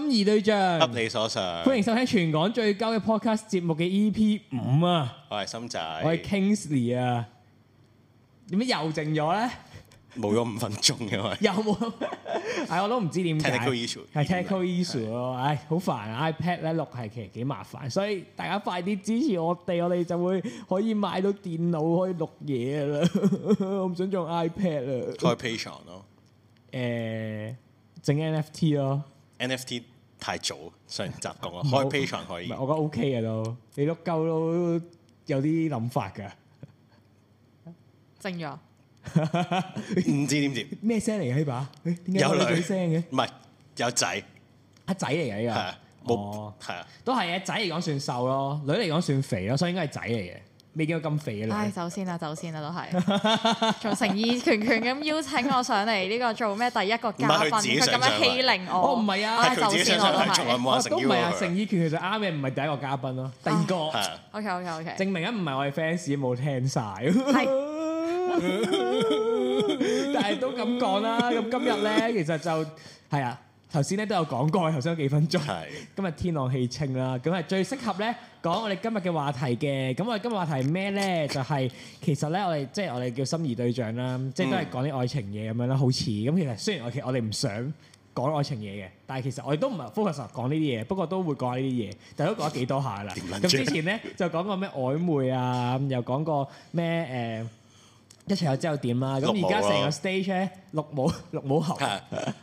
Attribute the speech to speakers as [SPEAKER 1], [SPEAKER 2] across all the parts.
[SPEAKER 1] 心儀對象，給你所想。歡迎收聽全港最高嘅 podcast 節目嘅 EP 五啊！我係心仔，我係 Kingsley 啊！
[SPEAKER 2] 點
[SPEAKER 1] 解又靜咗咧？
[SPEAKER 2] 冇咗五分鐘嘅，
[SPEAKER 1] 又冇沒有。係、 哎、我都唔知點解，係 technical issue 咯。唉，好是、哎、煩！iPad 咧錄係其實幾麻煩，所以大家快啲支持我哋，我哋就會可以買到電腦可以錄嘢啦。 我唔想做 iPad 啦。開
[SPEAKER 2] Patreon、FT、咯，
[SPEAKER 1] 誒整 NFT 咯。
[SPEAKER 2] NFT 太早，上集講啊，開披場可以。我
[SPEAKER 1] 覺得 OK 嘅不都，你碌鳩都有啲諗法噶。靜 咗若。
[SPEAKER 2] 唔知點接？
[SPEAKER 1] 咩、欸、聲嚟、這個、啊？呢把有女聲
[SPEAKER 2] 嘅，唔係有仔。阿仔嚟嘅，係啊。冇係啊，
[SPEAKER 1] 都係啊。仔嚟講算瘦咯，女嚟講算肥咯，所以應該係仔嚟嘅。未見過咁肥啊！唉，走先
[SPEAKER 3] 啦，走先啦，都係。從誠意拳拳咁邀請我上嚟呢個做咩第一個嘉賓，佢咁樣欺凌我，哦唔係啊，係佢
[SPEAKER 1] 自己上嚟，從來冇話誠邀佢。都唔係啊，誠意拳其實啱嘅，唔係第一個嘉賓咯，第二個。OK
[SPEAKER 3] OK OK，證
[SPEAKER 1] 明緊唔係我哋 fans 冇聽晒。係。但係都咁講啦，咁今日咧其實就係啊。頭先咧都有講過，頭先幾分鐘。的今日天朗氣清啦，咁係最適合咧講我哋今日嘅話題嘅。咁我哋今日話題係咩咧？就係其實咧，我哋即係我哋叫心儀對象啦，即係都係講啲愛情嘢咁樣啦，好似咁。其實雖然我其我哋唔想講愛情嘢嘅，但係其實我哋都唔係 focus 講呢啲嘢，不過都會講呢啲嘢，但係都講咗幾多下啦。咁 之前咧就講過咩曖昧啊，又講過咩誒。呃一齊又之後點啊？咁而家成個 stage 咧，綠帽綠帽
[SPEAKER 2] 合，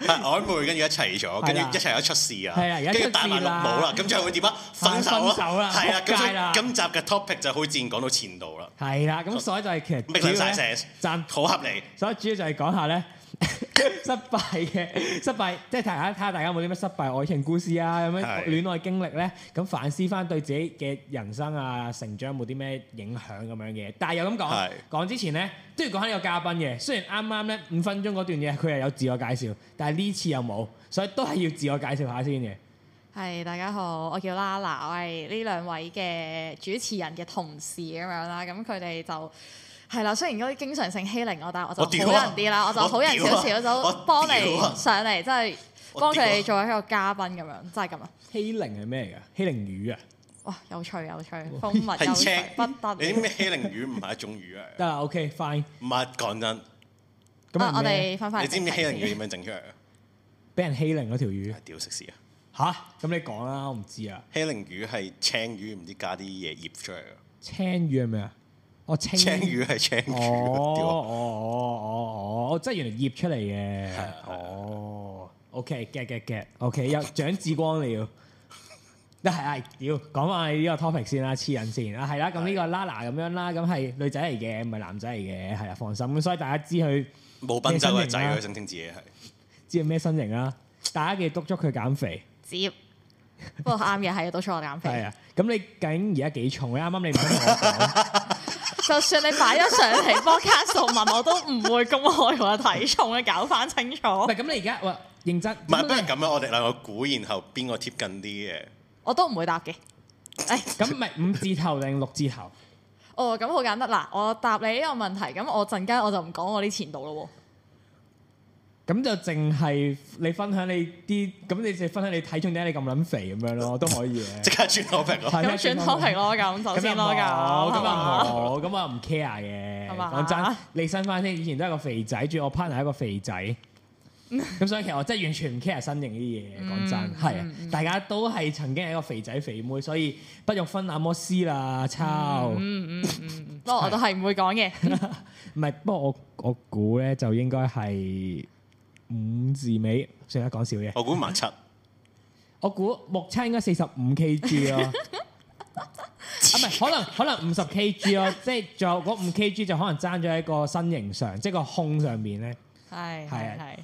[SPEAKER 2] 曖昧跟住一齊咗，跟住一齊咗出事啊，跟住帶埋綠帽啦，咁最後會點啊？分手咯，係啦，咁跟住，今集嘅 topic 就好自然講到前度
[SPEAKER 1] 啦，係啦，咁所以就係其實，唔使
[SPEAKER 2] 聲，好合理！
[SPEAKER 1] 所以主要就係講下咧。 失敗嘅失敗，即係睇下睇下大家有冇啲咩失敗愛情故事啊，是有咩戀愛經歷咧，咁反思翻對自己嘅人生啊，成長冇啲咩影響咁樣嘅。但係又咁講，講是之前咧都要講下呢個嘉賓嘅。雖然啱啱咧五分鐘嗰段嘢，佢係有自我介紹，但係呢次又冇，所以都係要自我介紹下先嘅。
[SPEAKER 3] 係，大家好，我叫 Lala，我係呢兩位嘅主持人嘅同事咁樣啦，咁佢哋就。係啦，雖然嗰啲經常性欺凌我，但係我就好人啲啦，我就好人少少，我就幫你上嚟，即係幫佢哋做一個嘉賓咁樣，真係咁啊！
[SPEAKER 1] 欺凌係咩嚟㗎？欺凌
[SPEAKER 2] 魚啊！
[SPEAKER 3] 哇，有趣有趣，蜂蜜又不得。你知唔
[SPEAKER 2] 知欺凌魚唔係一種魚啊？啊，OK，fine，唔係講真。咁我哋翻返嚟，你知唔知欺凌魚點樣整出嚟啊？
[SPEAKER 1] 俾人欺凌嗰條魚。屌食屎啊！吓，咁你講啦，我唔知啊。
[SPEAKER 2] 欺凌魚係青魚，唔知加啲嘢醃出嚟。
[SPEAKER 1] 青魚係咩啊？.青魚係青魚，哦哦哦哦即係原來醃出嚟嘅，哦是、啊 oh、，OK，get、okay, get get，OK，get,、okay, 有蔣志光了，一係係，屌，講翻呢個 topic 先啦，黐人先，啊係啦，咁呢、啊、個 Lala 咁樣啦，咁係女仔嚟嘅，唔係男仔嚟嘅，係啊，放心，咁所以大家知佢冇賓周嘅仔，佢正正字嘅係，知佢咩身型啦，大家嘅督促佢減肥，
[SPEAKER 3] 接知，不過啱嘅係，督促我減肥，
[SPEAKER 1] 係啊，咁你究竟而家幾重？啱啱你唔想同我講。
[SPEAKER 3] 就算你擺咗上嚟播卡數文， 我都唔會公開我嘅體重嘅，搞翻清楚。唔係咁，你而
[SPEAKER 2] 家話認真。唔係，不如咁樣，我哋兩個估，然後邊個貼近啲嘅？
[SPEAKER 3] 我都唔會答
[SPEAKER 1] 嘅。誒，咁咪五字頭定六字頭？
[SPEAKER 3] 哦，咁好簡單啦。我答你呢個問題，咁我陣間我就唔講我啲前度咯。
[SPEAKER 1] 咁就淨係你分享你啲，咁你淨係分享你體重，點解你咁撚肥咁樣咯，都可以嘅。即 刻轉 topic 咯，
[SPEAKER 3] 轉 topic 咯，咁就先
[SPEAKER 1] 咯，咁我唔唔 care 嘅。講真，你身翻先，以前都係個肥仔，仲要我 partner 係一個肥仔。咁 所以其實我真係完全唔 care 身形啲嘢，講真係啊，大家都係曾經係一個肥仔肥妹，所以不用分那麼撕啦，抄。
[SPEAKER 3] 不 過 我都係唔會講
[SPEAKER 2] 嘅
[SPEAKER 1] 唔係，不過我我估咧就應該係。五字尾，成日講笑嘢。我估目
[SPEAKER 2] 七，
[SPEAKER 1] 我估目測應該四十五 K G 咯，唔係、 啊、可能可能五十 K G 咯，即係仲有嗰五 K G 就可能爭咗喺個身形上，即係個胸上面咧，
[SPEAKER 4] 係係。 是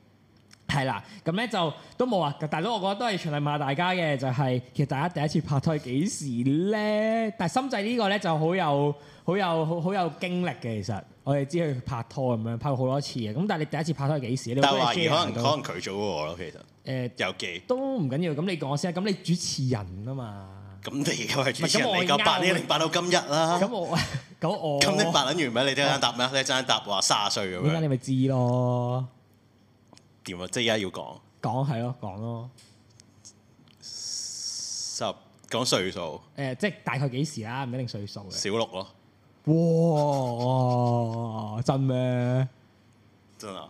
[SPEAKER 1] 係啦，咁咧就都冇啊！大佬，我覺得都係循例問下大家嘅，就係、是、其實大家第一次拍拖係幾時咧？但係心際呢個咧就好有好有好好有經歷嘅。其實我哋知佢拍拖咁樣拍過好多次嘅。咁但係你第一次拍拖係幾時咧？但話、那個、可能可能
[SPEAKER 2] 佢早過我咯，其實誒、欸、有幾
[SPEAKER 1] 都唔緊要。咁你講先啊！咁你主持人啊嘛？
[SPEAKER 2] 咁你又係主持人嚟㗎，八一零八到今日啦。
[SPEAKER 1] 咁我咁我
[SPEAKER 2] 咁 你八捻完咩？你聽下答咩？第 一間答話卅歲咁樣，你咪知咯。點、欸、啊？即係而家要講
[SPEAKER 1] 講係咯，講咯
[SPEAKER 2] 十講歲數誒，
[SPEAKER 1] 即係大概幾時啊？唔一定歲數
[SPEAKER 2] 嘅小六咯。
[SPEAKER 1] 哇，哇！真咩？
[SPEAKER 2] 真媽媽啊？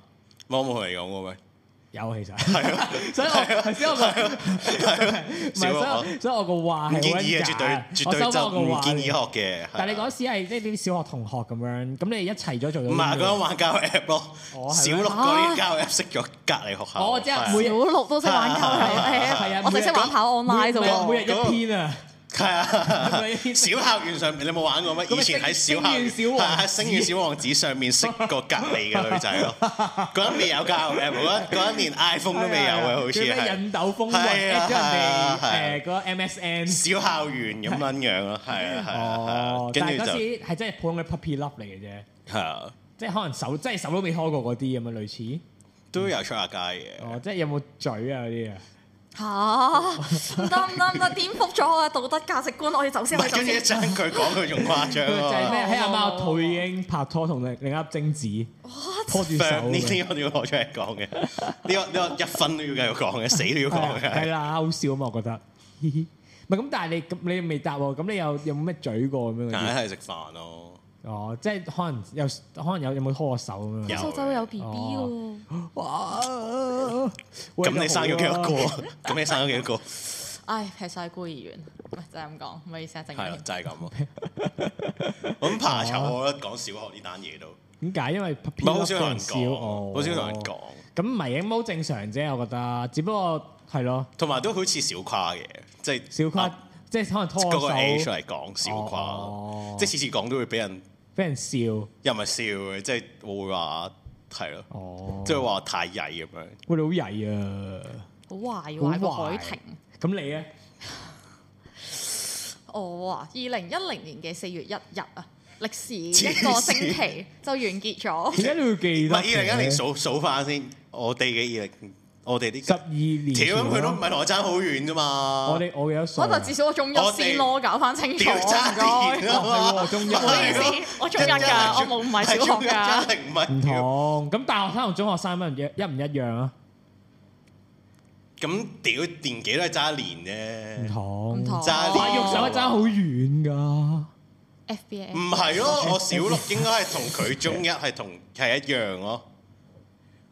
[SPEAKER 2] 冇，母嚟講嘅咩？有其實，所以我所以我
[SPEAKER 1] 所以我個唔建議啊，絕對絕對就唔建議學
[SPEAKER 2] 嘅。但係
[SPEAKER 1] 你嗰時係即係啲小學同學咁樣，咁你一齊咗做。唔係嗰個玩教
[SPEAKER 2] app 咯，小六嗰啲教 app 識咗隔離學校。我之後每日六都識玩教 app，係啊，我哋識玩跑 online 啫每日一天啊。係啊，小校園上面你冇玩過咩？以前喺小校園，係喺星願小王子上面識過隔離嘅女仔咯。嗰陣未有交友，嗰嗰一年 iPhone 都未有啊。好似啊。引
[SPEAKER 1] 逗風雲，誒
[SPEAKER 2] 嗰 MSN。小校園咁樣樣咯，係啊
[SPEAKER 1] 係啊。哦，但係嗰時係真係普通嘅 Puppy Love 嚟嘅啫。係啊。即係可能手，即係手都未拖過嗰啲咁樣類似。都有出下街嘅。哦，即係有冇嘴啊啲啊？
[SPEAKER 3] 嚇！得唔得？唔得？顛覆咗我嘅道德價值觀，我要走先。跟住一
[SPEAKER 2] 陣佢講，佢仲誇張喎。咩？睇阿媽
[SPEAKER 1] 退英拍拖同另一粒精子
[SPEAKER 2] 拖住手。呢啲我都要攞出嚟講嘅。呢個呢個一分都要繼續講嘅，死都要講嘅。係啦，
[SPEAKER 1] 好笑啊嘛，我覺得。咪咁，但係你咁你未答喎，咁你又有冇咩嘴過咁樣？梗係食飯咯。哦，即係可能有，可能有有冇拖過手
[SPEAKER 2] 咁樣？蘇州有 B B
[SPEAKER 3] 喎，
[SPEAKER 1] 哇！咁你生咗幾多個？
[SPEAKER 2] 咁你生咗幾多個？
[SPEAKER 3] 唉，劈晒孤兒院，咪就係咁講，唔好意思啊，係就
[SPEAKER 2] 係咁。咁怕醜啊！講小學呢單嘢都點解？因為好少同人講，好少同人講。
[SPEAKER 1] 咁迷影冇正常啫，我覺得。只不過係咯，
[SPEAKER 2] 同埋都好似小跨嘅，即係小跨，即係可能拖我手。個 A 出嚟講小跨，即係次次講都會俾人。俾人笑又咪笑嘅，即係我會話係咯，即係話太曳咁樣。
[SPEAKER 1] 我哋、哦、好曳啊，好
[SPEAKER 3] 壞壞，好過海婷。咁你咧？我啊、哦，二零一零年嘅四月一日啊，歷時一個星期就完結咗。而家
[SPEAKER 2] 你要記得？二零一零數數翻先，我哋嘅二零。我哋啲十二年，咁佢都唔係同我爭好遠啫嘛！我哋我有一所，我就至少我中一先咯，
[SPEAKER 3] 搞翻清楚。屌爭年啊嘛！我中一唔知，我中一噶，我冇唔係小學
[SPEAKER 2] 噶。唔
[SPEAKER 1] 同咁，大學生同中學生有乜一唔一樣啊？
[SPEAKER 2] 咁屌年紀都係爭一年啫。唔同，爭一年。我喐手爭
[SPEAKER 1] 好遠噶。FBA 唔係咯，我小六應該係同佢中一
[SPEAKER 2] 係同係一樣咯。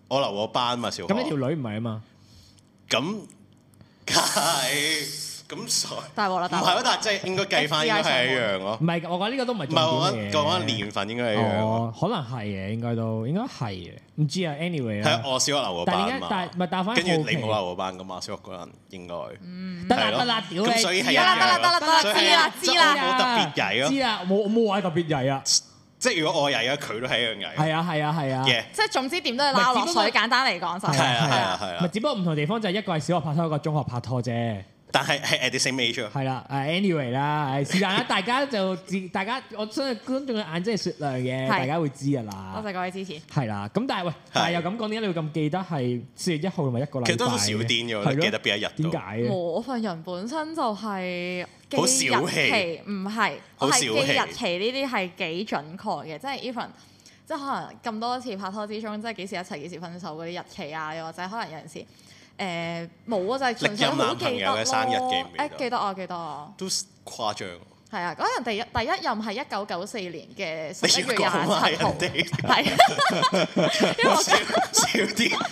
[SPEAKER 2] 我留我班嘛，小學咁呢條女唔係啊嘛，咁係咁傻大鑊啦，唔係喎，但係即係應該計翻應該係一樣咯。唔係，我覺得呢個都唔係重點嘅。講緊年份應該係一樣，
[SPEAKER 1] 可能係嘅，應該都應該係嘅，唔知啊。Anyway，係我小學留過班啊嘛，唔係打翻。跟住你冇留
[SPEAKER 2] 過班噶嘛，小學嗰陣應該。得啦得啦，屌你！得啦得啦得啦得啦，知啦知啦，冇特別計咯，
[SPEAKER 1] 冇冇話特別計啊！
[SPEAKER 2] 即係如果我曳嘅，佢都係一樣曳。係啊係啊係啊。即
[SPEAKER 1] 係、啊啊、
[SPEAKER 3] Yeah. 總之點都係拉落水。簡單嚟講
[SPEAKER 2] 就係。係啊係啊係
[SPEAKER 1] 啊。唔係，只不過唔同地方就係、是、一個係小學拍拖，一個係中學拍拖啫。
[SPEAKER 2] 但係係
[SPEAKER 1] at the same age 喎。係啦，anyway 啦，係是但啦，大家就自大家，我相信觀眾嘅眼睛係雪亮嘅， 大家會知㗎啦。
[SPEAKER 2] 多謝 各位支持。
[SPEAKER 1] 係啦，咁但係喂，但係又咁講點解你咁記得係四月一號同埋一個禮拜？其實少啲嘅，記
[SPEAKER 2] 得邊一日？點解我
[SPEAKER 3] 份人本身就係記日期，唔係少。日期呢啲係幾準確嘅，即係 even 即係可能咁多次拍拖之中，即係幾時一齊、幾時分手嗰啲日期啊，又或者可能有陣時。誒冇啊，就係純粹好記得咯。生日記唔記得？誒記得啊，記得，啊，都誇張。係啊，嗰人第一第一任係一九九四年嘅十一月廿七號。係，因
[SPEAKER 2] 為少少啲，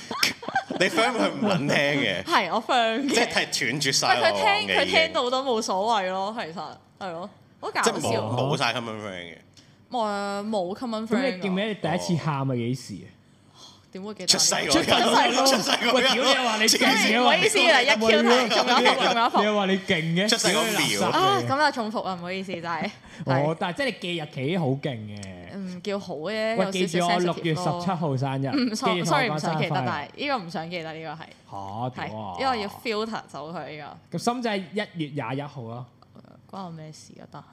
[SPEAKER 2] 你 friend 佢唔肯聽嘅。係我 friend 即係斷絕晒。佢聽佢聽
[SPEAKER 3] 到都冇所謂咯，其實係咯，
[SPEAKER 2] 好搞笑。冇晒 common friend
[SPEAKER 3] 嘅。誒冇 common friend。你記
[SPEAKER 1] 唔記得你第一次喊係幾時啊？點會記得出世個出世咯！喂，你又話你勁，唔好意思啊，一 Q 睇，仲有仲有福。你又話你勁嘅，出世個秒啊！咁
[SPEAKER 3] 啊，重複啊，唔好意思就係。哦，
[SPEAKER 1] 但係即係你記日期好勁嘅，嗯，
[SPEAKER 3] 叫好啫。記住我六月十七號生日，唔錯，sorry 唔想記得，呢個唔想記得，呢個係
[SPEAKER 1] 嚇，係因為
[SPEAKER 3] 要 filter 走佢呢個。
[SPEAKER 1] 咁深圳一月廿一號咯，
[SPEAKER 3] 關我咩事啊？但係。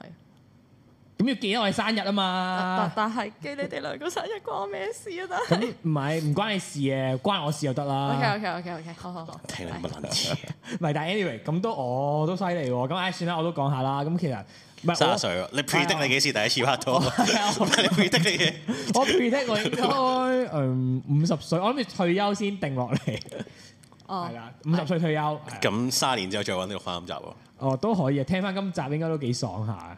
[SPEAKER 1] 咁要記得我哋生日啊嘛，
[SPEAKER 3] 但係記你哋兩個生日關我咩事啊？但係
[SPEAKER 4] 咁
[SPEAKER 1] 唔係唔關你事嘅，關我事就得啦。OK
[SPEAKER 3] OK OK OK，
[SPEAKER 1] 好。好好，咁嘅唔係但係 anyway，咁都我都犀利喎。咁唉算啦，我都講下啦。咁其實
[SPEAKER 2] 三十歲喎，你 predict 你幾時第一次拍拖？係我 predict 嘅
[SPEAKER 1] 我 predict 我應該嗯五十歲，我諗住退休先定落嚟。哦，係
[SPEAKER 2] 啦，
[SPEAKER 1] 五十歲退休。
[SPEAKER 2] 咁三年之後再揾呢個翻音集喎。
[SPEAKER 1] 哦，都可以啊，聽翻今集應該都幾爽下。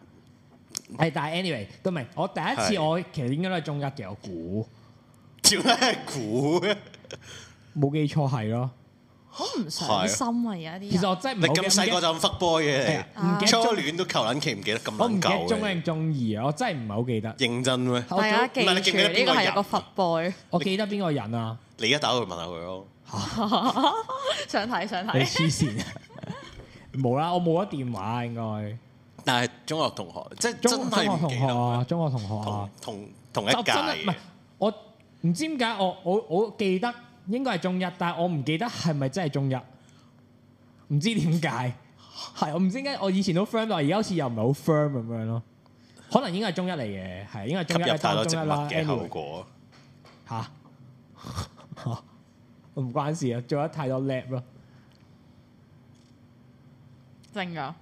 [SPEAKER 1] 係，但係 anyway 都明。我第一次我其實應該都係中一嘅，我估。點解係估嘅？冇記錯係咯。好唔想心
[SPEAKER 3] 啊，而家啲。其實我真係唔好記
[SPEAKER 2] 得。你咁細個就咁 f boy 嘅，初戀都求卵期唔記得咁難舊。我唔記得中一、中二啊，我真係唔係好記得。認真咩？係啊，記唔記得呢個係一
[SPEAKER 3] 個 f boy。
[SPEAKER 1] 我記得邊個人啊？
[SPEAKER 2] 你而家打去問下佢
[SPEAKER 3] 咯。想睇想睇。你黐
[SPEAKER 1] 線啊！冇啦，我冇咗電話應該。
[SPEAKER 2] 但係中學同
[SPEAKER 1] 學，即係真係唔記得啊！中學同學啊，同
[SPEAKER 2] 同，同一屆，唔係
[SPEAKER 1] 我唔知點解我我我記得應該係中一，但係我唔記得係咪真係中一，唔知點解係我唔知點解我以前都 firm，r 但係而家好似又唔係好 firm 咁樣咯。可能應該係中一嚟嘅，係應該係中，中一就係中一啦。嘅後果嚇嚇唔關事啊，做 咗太多叻咯，
[SPEAKER 2] 真噶。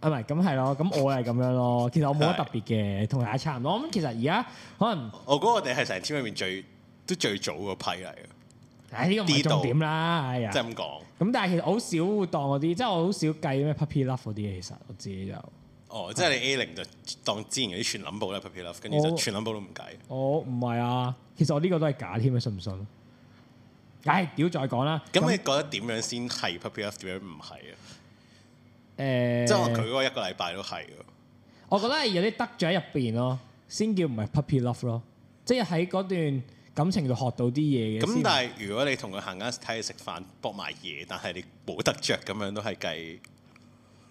[SPEAKER 1] 啊，咪？係，咁係咯，咁我係咁樣咯。其實我冇乜特別嘅，同對大家差唔多。咁其實而家
[SPEAKER 2] 可能，我覺得我哋係成 team 裏面最都最早嗰批嚟嘅。呢、哎呢個唔係重點啦。到哎呀，即係咁講。
[SPEAKER 1] 咁但係其實好少會當嗰啲，即係我好少計咩 puppy love 嗰啲嘢。其實我自己就，
[SPEAKER 2] 哦，即係你 A 零就當之前嗰啲全諗布啦 puppy love，跟住就全諗布都唔計
[SPEAKER 1] 哦。哦，唔係啊，其實我呢個都係假添你信唔信？唉，屌，再講啦。咁、嗯、說你
[SPEAKER 2] 覺得點樣先係 puppy love，點樣唔係啊？誒，即係佢嗰一個禮拜都係喎。
[SPEAKER 1] 我覺得係有啲得著入邊咯，先叫唔係 puppy love 咯，即係喺嗰段感情度學到啲嘢嘅。咁但係
[SPEAKER 2] 如果你同佢行街睇食飯搏埋嘢，但係你冇得着咁樣都係計。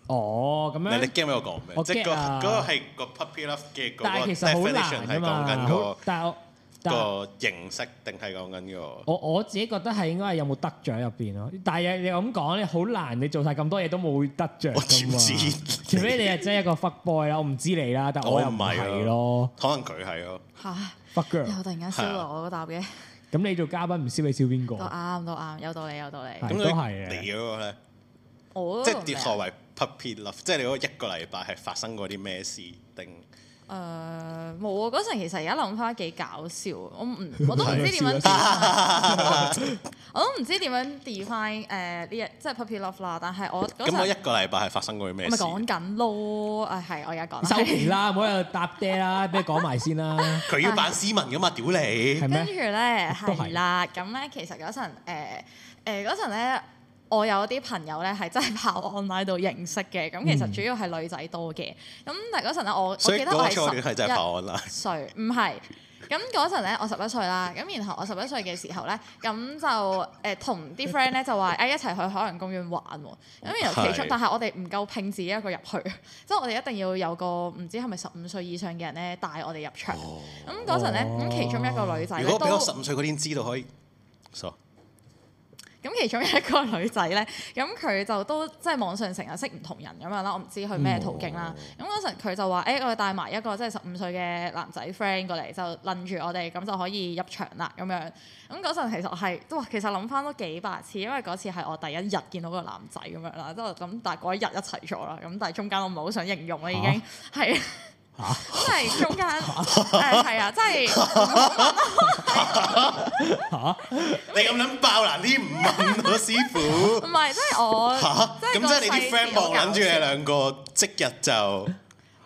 [SPEAKER 1] 哦，咁樣你驚
[SPEAKER 2] 咩？你我講咩？我啊、即係嗰嗰個係個 puppy love 嘅嗰個 definition 係講緊個。嗰個個形式定係講緊呢個？我
[SPEAKER 1] 我自己覺得係應該係有冇得獎入邊咯。但係你咁講你好難。你，難你做晒咁多嘢都冇得獎。我唔知，除非你係真係一個 fuck boy 啦。 我唔知你啦，但我又唔係咯。可能佢
[SPEAKER 2] 係咯。
[SPEAKER 3] 嚇
[SPEAKER 1] fuck girl 突然間燒落我嗰答嘅。咁、啊、你做嘉賓唔燒你燒邊個？
[SPEAKER 3] 啱，都啱，有道理，有道理。
[SPEAKER 2] 咁你呢都你嗰個咧？
[SPEAKER 3] 我即係跌落
[SPEAKER 2] 嚟 puppy love，即係你嗰一個禮拜係發生過啲咩事定？
[SPEAKER 3] 誒冇啊！嗰陣、呃、其實而家諗翻幾搞笑我唔我都唔知點
[SPEAKER 2] 樣，
[SPEAKER 3] 我都唔知點樣 define 誒呢日即係 puppy love 啦。但係我嗰陣咁我一
[SPEAKER 2] 個禮拜係發生過啲咩事？咪講
[SPEAKER 3] 緊咯！誒、哎、係，我而家講收皮
[SPEAKER 1] 啦，唔好喺度搭嗲啦，俾佢講埋先啦。
[SPEAKER 2] 佢要扮斯文㗎嘛？屌你！跟
[SPEAKER 3] 住咧都係啦。咁咧其實嗰陣誒誒嗰陣咧。呃我有啲朋友咧係真係跑 online 度認識嘅，咁其實主要係女仔多嘅。咁嗰陣咧，我所以我記得係真係跑 online 十一歲唔係，咁嗰陣咧我十一歲啦。咁然後我十一歲嘅時候咧，咁就誒同啲 friend 咧就話誒一齊去海洋公園玩。咁由起初，是的 但係我哋唔夠秤自己一個入去，即係我哋一定要有個唔知係咪十五歲以上嘅人咧帶我哋入場。咁嗰陣咧，咁其中一個女仔、哦、都如果俾我十
[SPEAKER 2] 五歲嗰年知道可以，so.
[SPEAKER 3] 咁其中一個女仔咧，咁佢就都即係網上成日識唔同人咁樣啦，我唔知佢咩途徑啦。咁嗰陣佢就話，誒、欸，我帶埋一個即係十五歲嘅男仔 friend 過嚟，就攆住我哋，咁就可以入場啦咁樣。咁嗰陣其實係，都話其實諗翻都幾百次，因為嗰次係我第一日見到個男仔咁樣啦。即係咁，但係嗰一日一齊咗啦。咁但係中間我唔係好想形容啦，已經係。是 真係中間誒，
[SPEAKER 4] 係啊！啊真係
[SPEAKER 2] 你咁撚爆啦啲唔問我師傅，唔係即係我咁即係你啲 friend 望緊住你兩個即日就，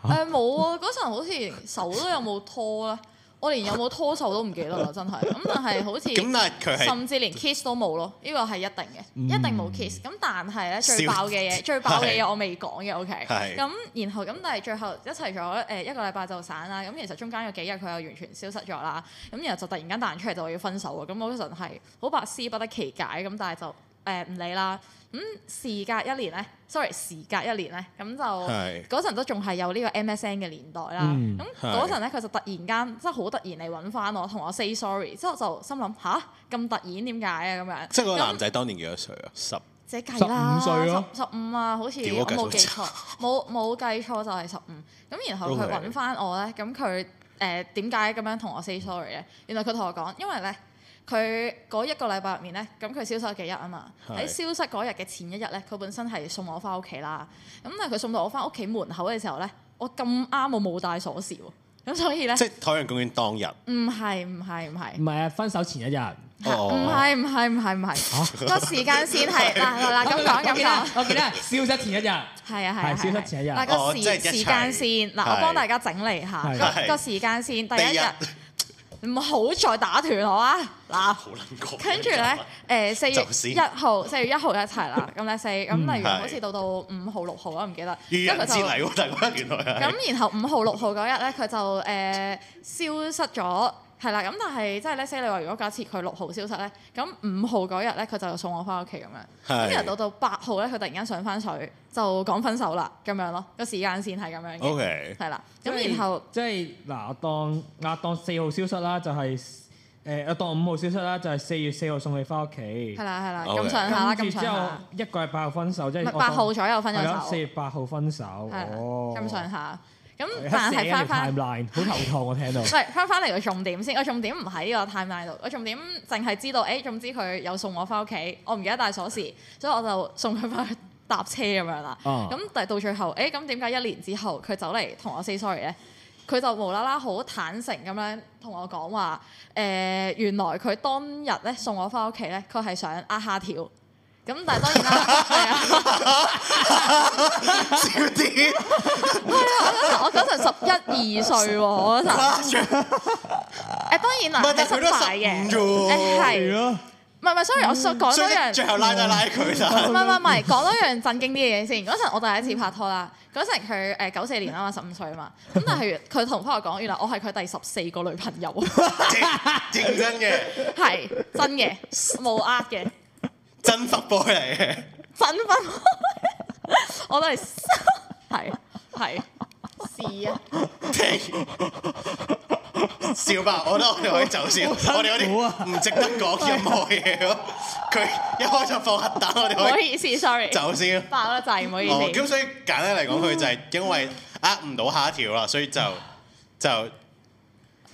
[SPEAKER 3] 誒冇啊！嗰陣，啊、好似手都有冇拖咧。我連有冇拖手都唔記得啦，真係。咁但係好似，甚至連 kiss 都冇咯，呢個係一定嘅，嗯、一定冇 kiss。咁但係咧最爆嘅嘢， 最爆嘅嘢我未講嘅，OK 的。咁然後咁但係最後一齊咗誒一個禮拜就散啦。咁其實中間有幾日佢又完全消失咗啦。咁然後就突然間彈出嚟就話要分手喎。咁我嗰陣係好百思不得其解。咁但係就誒唔理啦。呃咁時隔一年咧，sorry，時隔一年咧，咁就嗰陣都仲係有呢個 MSN 嘅年代啦。咁嗰陣咧，佢就突然間，是的 即係好突然嚟揾翻我，同我 say sorry，之後就心諗吓，咁、啊、突然點解啊咁樣？即係個男
[SPEAKER 2] 仔當年幾多歲啊？
[SPEAKER 3] 十十五歲咯，十五啊，好似冇記錯，冇冇計， 計錯就係十五。咁然後佢揾翻我咧，咁佢誒點解咁樣同我 say sorry 咧？原來佢同我講，因為咧。佢嗰一個禮拜入面咧，咁佢消失咗幾日啊嘛，喺消失嗰日嘅前一日咧，佢本身係送我翻屋企啦。咁但係佢送到我翻屋企門口嘅時候咧，我咁啱我冇帶鎖匙喎，咁所以咧，即係
[SPEAKER 2] 海洋公園當日，
[SPEAKER 3] 唔係唔係唔係，
[SPEAKER 2] 唔係啊，分
[SPEAKER 1] 手前一日，唔係
[SPEAKER 3] 唔係唔係唔係，個時間線係嗱嗱嗱，咁講咁講，我
[SPEAKER 1] 記得消失前一日，
[SPEAKER 3] 係啊係，消失
[SPEAKER 1] 前一日，嗱個時時間線嗱我幫大家
[SPEAKER 3] 整理下。個時間線第一日。唔好再打斷我啊！嗱，
[SPEAKER 4] 跟住咧，
[SPEAKER 3] 誒、呃、 四月一號，四月一號一齊啦。咁咧，四咁例如好似到到五號六號啊，唔記得。突然間接嚟
[SPEAKER 4] 喎，咁
[SPEAKER 3] 然後五號六號嗰日咧，佢就誒、呃、消失咗。係啦，咁但係即係咧，即係你話如果假設佢六號消失咧，咁五號嗰日咧佢就送我翻屋企咁樣，咁然後到到八號咧佢突然間上翻水就講分手啦咁樣咯，個時間線係咁樣嘅，OK，係啦，
[SPEAKER 1] 咁然後即係嗱，我當啊當四號消失啦、就係，就係誒啊當五號消失啦，就係四月四號送你翻屋企，係啦係啦，咁上下啦咁上下。OK，之後一個係八號分手，即係八號左右分手，四月八號分手，咁上
[SPEAKER 3] 下。咁，嗯、但係翻翻
[SPEAKER 1] 好頭痛、啊，我聽到。唔
[SPEAKER 3] 係翻翻嚟個重點先，我重點唔喺呢個 timeline 度，我重點淨係知道，誒、哎，總之佢有送我翻屋企，我唔記得帶鎖匙，所以我就送佢翻去搭車咁樣啦。咁、哦、但係到最後，誒、哎，咁點解一年之後佢走嚟同我 say sorry 咧？佢就無啦啦好坦誠咁樣同我講話，誒、呃，原來佢當日咧送我翻屋企咧，佢係想呃蝦條。咁但
[SPEAKER 4] 係當然啦，係啊，少啲係啊！我嗰陣十一二歲喎，我嗰陣
[SPEAKER 3] 誒當然啦，佢都十五嘅。係咯，唔係唔係，sorry 我想講多樣，最後拉都拉佢就唔係唔係，講多樣震驚啲嘅嘢先。嗰陣我第一次拍拖啦，嗰陣佢誒九四年啊嘛，十五歲啊嘛，咁但係佢同我講，原來我係佢第十四個女朋友，
[SPEAKER 2] 認真嘅
[SPEAKER 3] 係真嘅，冇呃嘅。
[SPEAKER 2] 真粉 boy 嚟嘅，
[SPEAKER 3] 真粉，我都係，係係，係啊，
[SPEAKER 2] 小白，我都可以走先，我哋我哋唔值得講任何嘢咯。佢一開就放核彈，我哋唔好意
[SPEAKER 3] 思，sorry，走先，爆啦就唔好意思。咁
[SPEAKER 2] 所以簡單嚟講，佢就係因為呃唔到下一條啦，所以就就。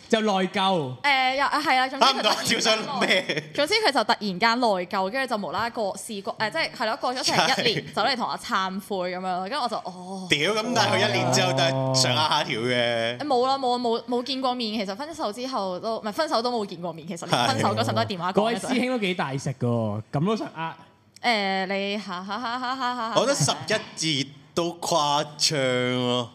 [SPEAKER 2] 就內疚。
[SPEAKER 3] 誒又係啊，總之佢 就突然間內疚，跟住就無啦過試、呃就是、過誒，即係係咯過咗成一年，走嚟同我懺悔。咁樣咯。跟住我就哦。屌！咁但係佢一年之後
[SPEAKER 2] 都係想呃下條嘅。
[SPEAKER 3] 冇、呃、啦冇冇冇見過面，其實分手之後都唔係分手都冇見過面，其實分手嗰陣都係電話講。嗰、啊、位師兄
[SPEAKER 2] 都
[SPEAKER 1] 幾大食嘅，咁都想呃？
[SPEAKER 2] 誒你下
[SPEAKER 3] 下下下下嚇！我覺得十
[SPEAKER 2] 一節都誇張啊！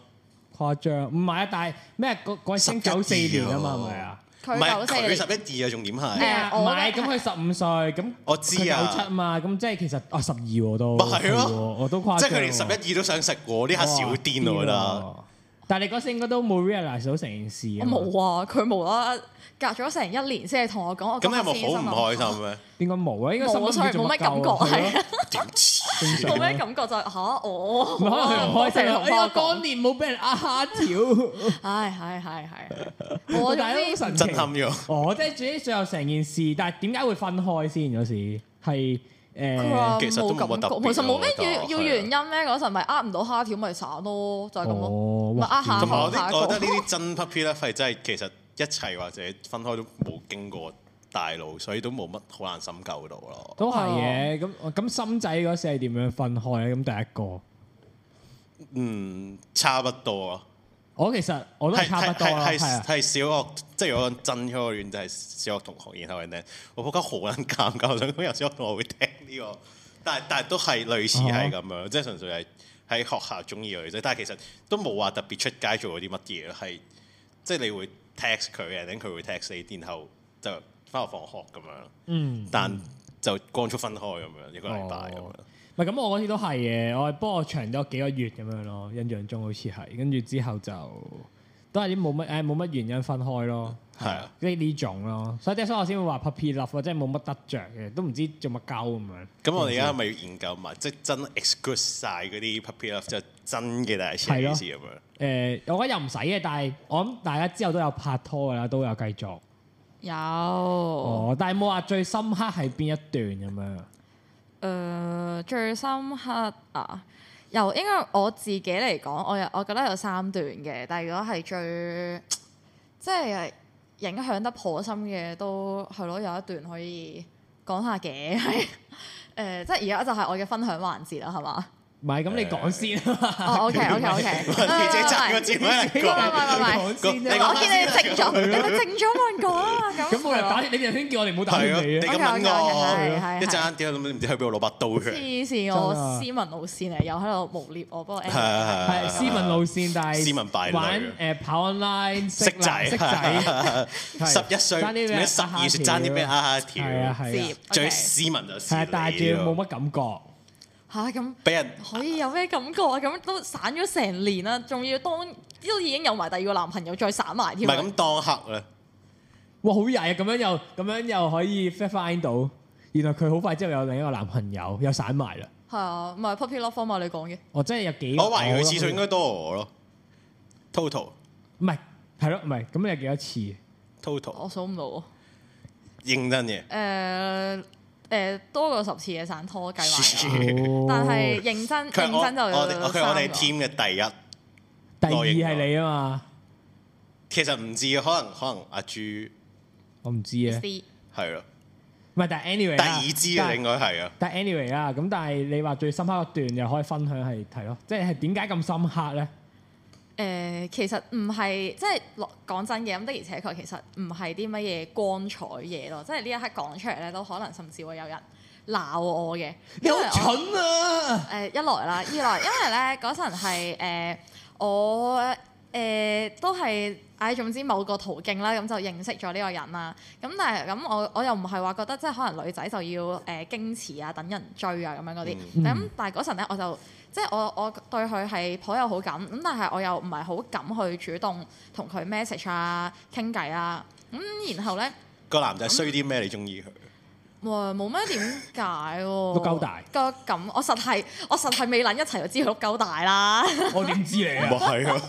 [SPEAKER 2] 誇張，
[SPEAKER 1] 唔係啊，但係咩？嗰嗰位先九四年啊嘛，唔
[SPEAKER 2] 係啊，佢九四，佢十一二啊，重點係？唔係，
[SPEAKER 1] 咁佢十五歲，咁我知啊，佢九七嘛，咁即係其實啊十二、啊啊、我都，唔係咯，啊、我都誇，即係佢連十一二
[SPEAKER 2] 都想食喎，呢下少癲我覺得。
[SPEAKER 1] 但你嗰時應該都冇 realize 到成件事。我
[SPEAKER 3] 冇啊，佢冇啦，隔咗成一年先係同我講。咁你有冇好唔開
[SPEAKER 1] 心咧？應該冇啊，應該冇錯，冇乜感覺係啊。冇乜感
[SPEAKER 3] 覺就吓，我可能開心啊！應該過年冇俾人壓哈條。係係係係。
[SPEAKER 1] 我睇到神情，真慘咗。我即係至於最後成件事，但係點解會分開先嗰時係？誒，其實都冇乜特別，其實冇
[SPEAKER 3] 咩要要原因咧，嗰陣咪呃唔到蝦條咪散咯，就係咁咯。咪呃下，同埋我
[SPEAKER 2] 覺得呢啲真 Puppy Love 咧，係真係其實一齊或者分開都冇經過大腦，所以都冇乜好難深究到咯。都係嘅，咁
[SPEAKER 1] 咁心仔嗰時係點樣分開咧？咁第一個，
[SPEAKER 2] 嗯，差不多啊。
[SPEAKER 1] 我其實我都差唔多咯，係
[SPEAKER 2] 小學，即係我真開個戀就係小學同學，然後咧我覺得好撚尷尬，咁有時候我會聽呢、這個，但係但係都係類似係咁樣，哦、即係純粹係喺學校中意佢啫。但係其實都冇話特別出街做過啲乜嘢，係即係你會 text 佢，等佢會 text 你，然後就翻學放學咁樣。嗯。但就光速分開咁樣、哦、一個禮拜咁樣。
[SPEAKER 1] 咁，我嗰次都係嘅，我幫我長咗幾個月咁樣咯，印象中好似係，跟住之後就都係啲冇乜誒冇乜原因分開咯，係啊呢呢種咯，所以即所以我先會話 puppy love 即係冇乜得着嘅，都唔知做乜鳩咁樣。咁我哋而家係
[SPEAKER 2] 咪要研究埋即係真 exclude 曬嗰啲 puppy love 就真嘅第一次咁樣？誒、
[SPEAKER 1] 啊呃，我覺得又唔使嘅，但係我諗大家之後都有拍拖㗎啦，都有繼續有。哦，但係冇話最深刻係邊一段咁樣。
[SPEAKER 3] 誒、呃、最深刻啊，由應該我自己嚟講，我有我覺得有三段嘅，但係如果係最即係影響得頗深嘅，都係咯，有一段可以講下嘅，係、嗯，誒、呃，即係而家就係我嘅分享環節啦，係嘛？
[SPEAKER 1] 唔係，咁你講先啊嘛。哦，OK，OK，OK。自己執個紙片過，唔
[SPEAKER 3] 係唔係唔係。我見你靜咗，你咪靜咗冇人講啊嘛。咁冇人
[SPEAKER 1] 打你，你頭先叫我哋
[SPEAKER 2] 唔好打你啊。你咁惡啊！一陣間點解唔知去邊度攞把刀嘅？黐線，我斯
[SPEAKER 3] 文路線嚟，又喺度污蔑我嗰個。係係係，
[SPEAKER 2] 斯文路線，但係斯文敗類。玩
[SPEAKER 3] 誒
[SPEAKER 1] 跑 online。識仔。識仔。十一歲。十二歲。爭啲咩？撒下條。係啊係啊。最斯文就斯文。係，但係仲冇乜感覺。嚇咁俾人
[SPEAKER 3] 可以有咩感覺啊？咁都散咗成年啦，啊，仲要當都已經有埋第二個男朋友再，再散埋添。唔係咁
[SPEAKER 1] 當黑咧，哇好曳啊！咁樣又咁樣又可以 find 到，原來佢好快之後有另一個男朋友，又散埋啦。
[SPEAKER 3] 係啊，唔係 popular fall 嘛？你講嘅，
[SPEAKER 1] 我真係有幾懷疑佢次數應該
[SPEAKER 2] 多我咯。Total
[SPEAKER 1] 唔係係咯，唔係咁你有幾多次
[SPEAKER 2] ？Total 數我數唔到，
[SPEAKER 1] 認
[SPEAKER 2] 真嘅。
[SPEAKER 3] 誒。Uh, 誒、呃、多過十次嘅散拖計劃，
[SPEAKER 2] 但係認真認真就有我。我哋 team 嘅第一，第二係你啊嘛。其實唔知，可能可能阿豬，
[SPEAKER 1] 我唔知啊，
[SPEAKER 2] 係咯的。
[SPEAKER 1] 唔係的，但係 anyway，第二知嘅應該係啊。但係 anyway 啦。咁但係你話最深刻一段又可以分享係睇咯，即係點解咁深刻咧？誒、呃，其實唔
[SPEAKER 3] 係，即係講真嘅咁的，而且確其實唔係啲乜嘢光彩嘢咯，即係呢一刻講出嚟咧，都可能甚至會有人鬧我嘅。你好蠢啊！誒、呃，一來啦，二來，因為咧嗰陣係誒我誒、呃、都係，唉，總之某個途徑啦，咁就認識咗呢個人啦。咁但係咁，我我又唔係話覺得即係可能女仔就要誒、呃、矜持啊，等人追啊咁樣嗰啲。咁、嗯、但係嗰陣咧，我就。即係我，我對佢係頗有好感，咁但係我又唔係好敢去主動同佢 message 啊、傾偈啊。咁、嗯、然後咧
[SPEAKER 2] 個男仔衰啲咩？嗯、你中意佢？
[SPEAKER 3] 冇咩點解喎。碌鳩大，個咁我實係我實係未能一齊就知佢碌鳩大啦。
[SPEAKER 2] 我點知你啊？唔係啊，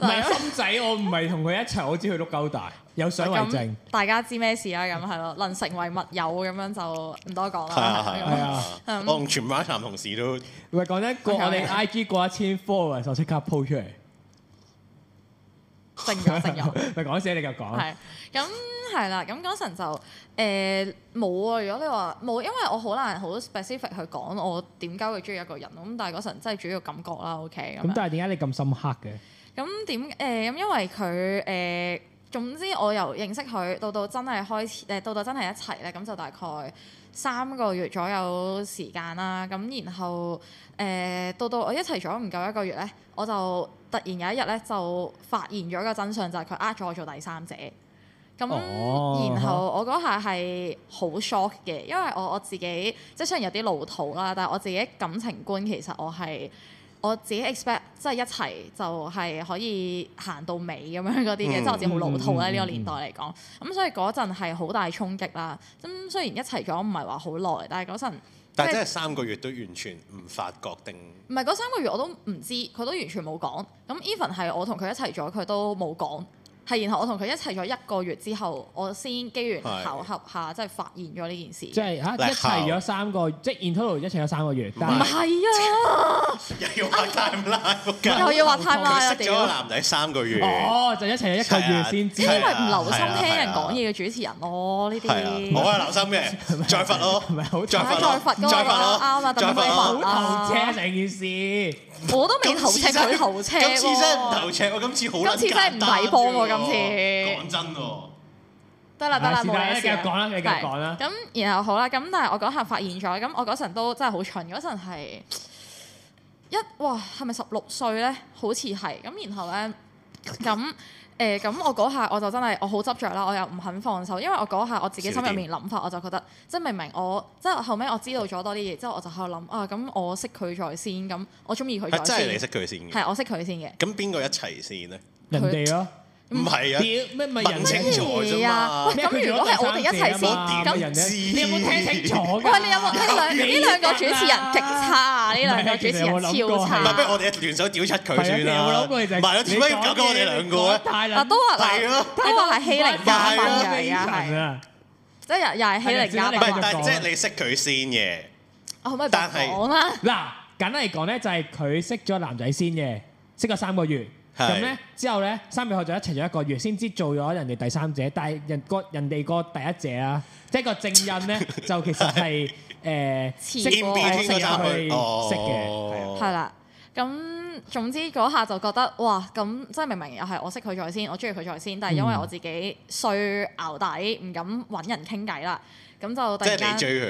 [SPEAKER 2] 唔係心仔，我
[SPEAKER 1] 唔係同佢一齊，我知佢碌鳩大
[SPEAKER 2] 有相為證。
[SPEAKER 3] 大家知咩事啊？咁係咯，能成為密友咁樣就唔多講啦。係啊
[SPEAKER 2] 係啊，安全碼談同事都
[SPEAKER 1] 咪講咧，我哋 I G 過一千 followers 就即刻 po 出嚟。
[SPEAKER 3] 成
[SPEAKER 1] 日成日咪講先，你又講係
[SPEAKER 3] 咁。係啦，咁嗰陣就誒冇、呃、啊！如果你話冇，因為我好難好 specific 去講我點解會中意一個人咯。咁但係嗰陣真係主要感覺啦，OK 咁。
[SPEAKER 1] 但係點解你咁深刻嘅？
[SPEAKER 3] 咁點誒？咁、呃、因為佢誒、呃，總之我由認識佢到到真係開始誒，到到真係一齊咧，咁就大概三個月左右時間啦。咁然後誒、呃，到到我一齊咗唔夠一個月咧，我就突然有一日咧就發現咗個真相，就係佢呃咗我做第三者。咁，然後我嗰下係好 shock 嘅，因為我我自己即係雖然有啲老土啦，但係我自己感情觀其實我係我自己 expect 即係一齊就係可以行到尾咁樣嗰啲嘅，即係、嗯、我自己好老土啦呢個年代嚟講。咁、嗯、所以嗰陣係好大衝擊啦。咁雖然一齊咗唔係話好耐，但係嗰陣，但係真係三個
[SPEAKER 2] 月都完全唔發覺定，
[SPEAKER 3] 唔係嗰三個月我都唔知，佢都完全冇講。咁 even 係我同佢一齊咗，佢都冇講。係，然後我同佢一齊咗一個月之後，我先機緣巧合下即係發現咗呢件事。即係嚇一齊咗
[SPEAKER 1] 三個，即係 interview 一齊咗三個月。唔係是 啊，
[SPEAKER 3] 又要話太耐，
[SPEAKER 1] 又又要話太耐。識
[SPEAKER 3] 咗男
[SPEAKER 2] 仔三個月。哦，
[SPEAKER 3] 就一齊咗一個月
[SPEAKER 2] 先知。因為唔留心聽
[SPEAKER 3] 人講嘢嘅主持人咯、啊，呢啲、啊啊。我係留
[SPEAKER 2] 心嘅，再罰咯，好，再罰，再罰啱啊，等我哋罰啊，成件事。 我都未投赤，佢投赤喎。今次真唔投車喎，今次好今次真係唔抵波喎，今次，今次。講
[SPEAKER 3] 真喎。得啦得啦，冇嘢。繼續講啦，你繼續講啦。咁然後好啦，咁但係我嗰刻發現咗，咁我嗰陣都真係好蠢，嗰陣係一哇係咪十六歲咧？好似係咁，然後咧咁。 誒咁，呃、那我嗰下我就真係我好執著啦，我又唔肯放手，因為我嗰下我自己心入面諗法。店我就覺得即係明明我即係後尾我知道咗多啲嘢，之後我就喺度諗啊，咁我識佢在先，咁我中意佢在先係係、啊、你識佢先嘅，係我識佢先嘅。
[SPEAKER 2] 咁邊個一齊先咧？人哋咯、啊。唔係啊，咩咪人情錯啫嘛？喂，咁如果係我哋一齊先，咁
[SPEAKER 1] 人哋你有冇聽清楚嘅？喂，你有冇聽兩？呢兩個主持人極差啊！呢兩個
[SPEAKER 2] 主持人超差啊！唔係，不如我哋聯手屌出佢先啦！唔係，我點解要搞佢我哋兩個咧？嗱，都話，
[SPEAKER 4] 都話係欺凌家暴嘅，依家
[SPEAKER 3] 係即係又又係欺凌家暴。唔係，
[SPEAKER 2] 但即係你識佢先嘅。
[SPEAKER 1] 我可
[SPEAKER 3] 唔可以講啊？
[SPEAKER 2] 嗱，
[SPEAKER 1] 簡單嚟講咧，就係佢識咗男仔先嘅，識咗三個月。咁咧之後咧，三月後就一齊咗一個月，先知做咗人哋第三者。但係人個人哋個第一者啊，即係個正印咧，就其實係誒識嘅，係啦。
[SPEAKER 3] 咁總之嗰下就覺得哇！咁即係明明又係我識佢在先，我中意佢在先，但係因為我自己衰淆底，唔敢揾人傾偈啦。咁就即係你追佢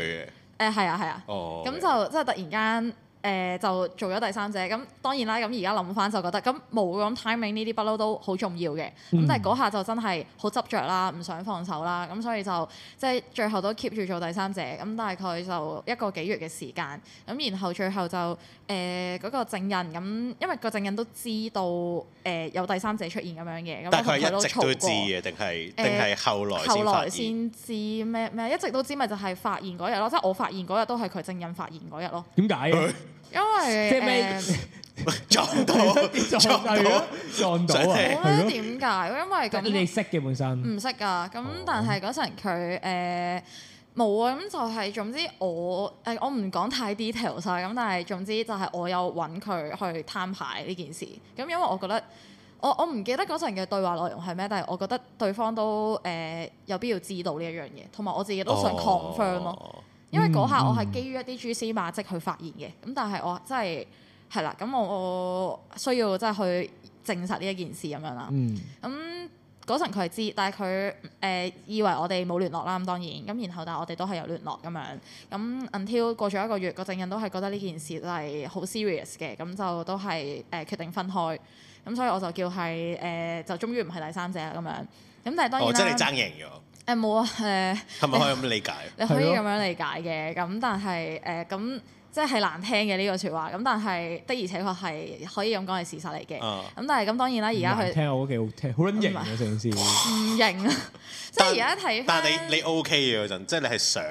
[SPEAKER 3] 嘅？誒係啊係啊。咁就即係突然間。誒、呃、就做咗第三者，咁當然啦。咁而家諗翻就覺得，咁冇咁 timing 呢啲不嬲都好重要嘅。咁、嗯、但係嗰下就真係好執着啦，唔想放手啦。咁所以就即係最後都 keep 住做第三者。咁大概就一個幾月嘅時間。咁然後最後就誒嗰、呃那個證人，咁因為個證人都知道誒、呃、有第三者出現咁樣嘅。但係佢一直都知嘅，
[SPEAKER 2] 定係定係後來先發現？後來先
[SPEAKER 3] 知咩咩？一直都知咪就係發現嗰日咯，即、就、係、是、我發現嗰日都係佢證人發現嗰日咯。點解？ 因為面、嗯、
[SPEAKER 1] 撞到一啲 撞到 撞到啊！我覺得點解？因為咁 這樣 你識嘅本身唔
[SPEAKER 3] 識啊。咁、oh. 但係嗰陣佢誒冇啊。咁、呃、就係、是、總之我誒、呃、我唔講太 detail 曬。咁但係總之就係我有揾佢去攤牌呢件事。咁因為我覺得我我唔記得嗰陣嘅對話內容係咩。但係我覺得對方都誒有必要知道呢一樣嘢。同埋我自己都想 confirm 咯。因為嗰下我係基於一啲蛛絲馬跡去發現嘅，咁但係我真係係啦，咁我，我需要真係去證實呢一件事咁樣啦。咁嗰陣佢係知，但係佢誒以為我哋冇聯絡啦，咁當然，咁然後但係我哋都係有聯絡咁樣。咁 until 過咗一個月，個證人都係覺得呢件事都係好 serious 嘅，咁就都係誒、呃、決定分開。咁所以我就叫係誒、呃、就終於唔係第三者咁樣。咁但係當然啦。哦誒冇啊！誒係咪可以咁
[SPEAKER 2] 理解？你可以咁樣
[SPEAKER 3] 理解嘅，咁但係誒咁即係難聽嘅呢個説話。咁但係的而且確係可以咁講係事實嚟嘅。咁但係咁當然啦，而家佢聽，
[SPEAKER 2] 我覺
[SPEAKER 1] 得幾好聽，好型啊！成件事唔
[SPEAKER 3] 型啊！即係而家睇，但係你
[SPEAKER 2] 你 OK 嘅嗰陣，即係你係想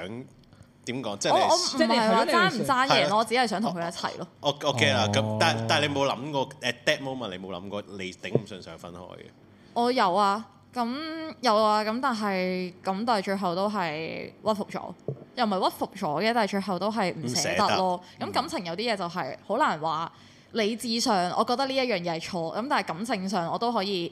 [SPEAKER 2] 點講？即係我我唔係話爭唔爭嘢咯，我
[SPEAKER 3] 只係想同佢一齊咯。
[SPEAKER 2] O O K 啦，咁但但係你冇諗過 at that moment 你冇諗過你頂唔順想分開
[SPEAKER 3] 嘅？我有啊。咁有啊，咁但係咁但係最後都係屈服咗，又唔係屈服咗嘅，但係最後都係唔捨得咯。咁得感情有啲嘢就係、是、好、嗯、難話，理智上我覺得呢一樣嘢係錯，咁但係感性上我都可以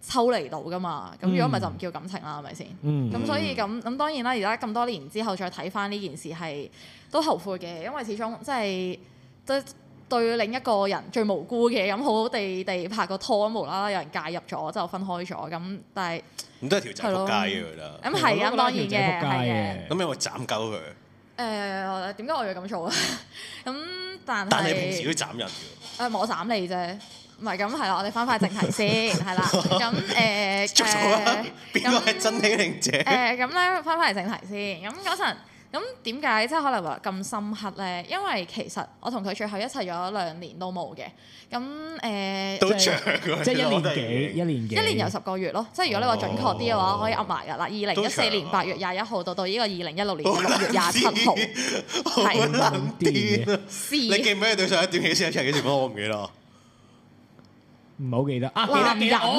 [SPEAKER 3] 抽離到㗎嘛。咁如果唔係就唔叫感情啦，係咪先？咁、嗯、所以咁咁當然啦，而家咁多年之後再睇返呢件事係都後悔嘅，因為始終即係都。對另一個人最無辜嘅咁好好地地拍個拖，無啦啦有人介入咗，就分開咗咁。但係，咁都係條仔仆街㗎啦。咁係，當然嘅。
[SPEAKER 2] 咁因為斬鳩佢。
[SPEAKER 3] 誒，點解我要咁做啊？咁但係，但係你平時都
[SPEAKER 2] 斬人㗎。
[SPEAKER 3] 誒，我斬你啫。唔係咁，係啦，我哋翻翻正題先，係啦。咁誒誒，
[SPEAKER 2] 邊個？曾慶玲姐。誒，
[SPEAKER 3] 咁咧翻翻正題先。咁，嗰陣。咁點解即係可能話咁深刻咧？因為其實我同佢最後一齊咗兩年都冇嘅。咁誒，都長
[SPEAKER 1] 嘅，即係一年幾，一年
[SPEAKER 3] 幾，一年有十個月咯。即係如果你話準確啲嘅話，可以噏埋㗎啦。二零一四年八月廿一號到到呢個二零一六年六月廿七
[SPEAKER 2] 號，係冷啲。你記唔記得對上一段起先一齊嘅時間？我唔記得。唔好記得
[SPEAKER 1] 啊！嗱，我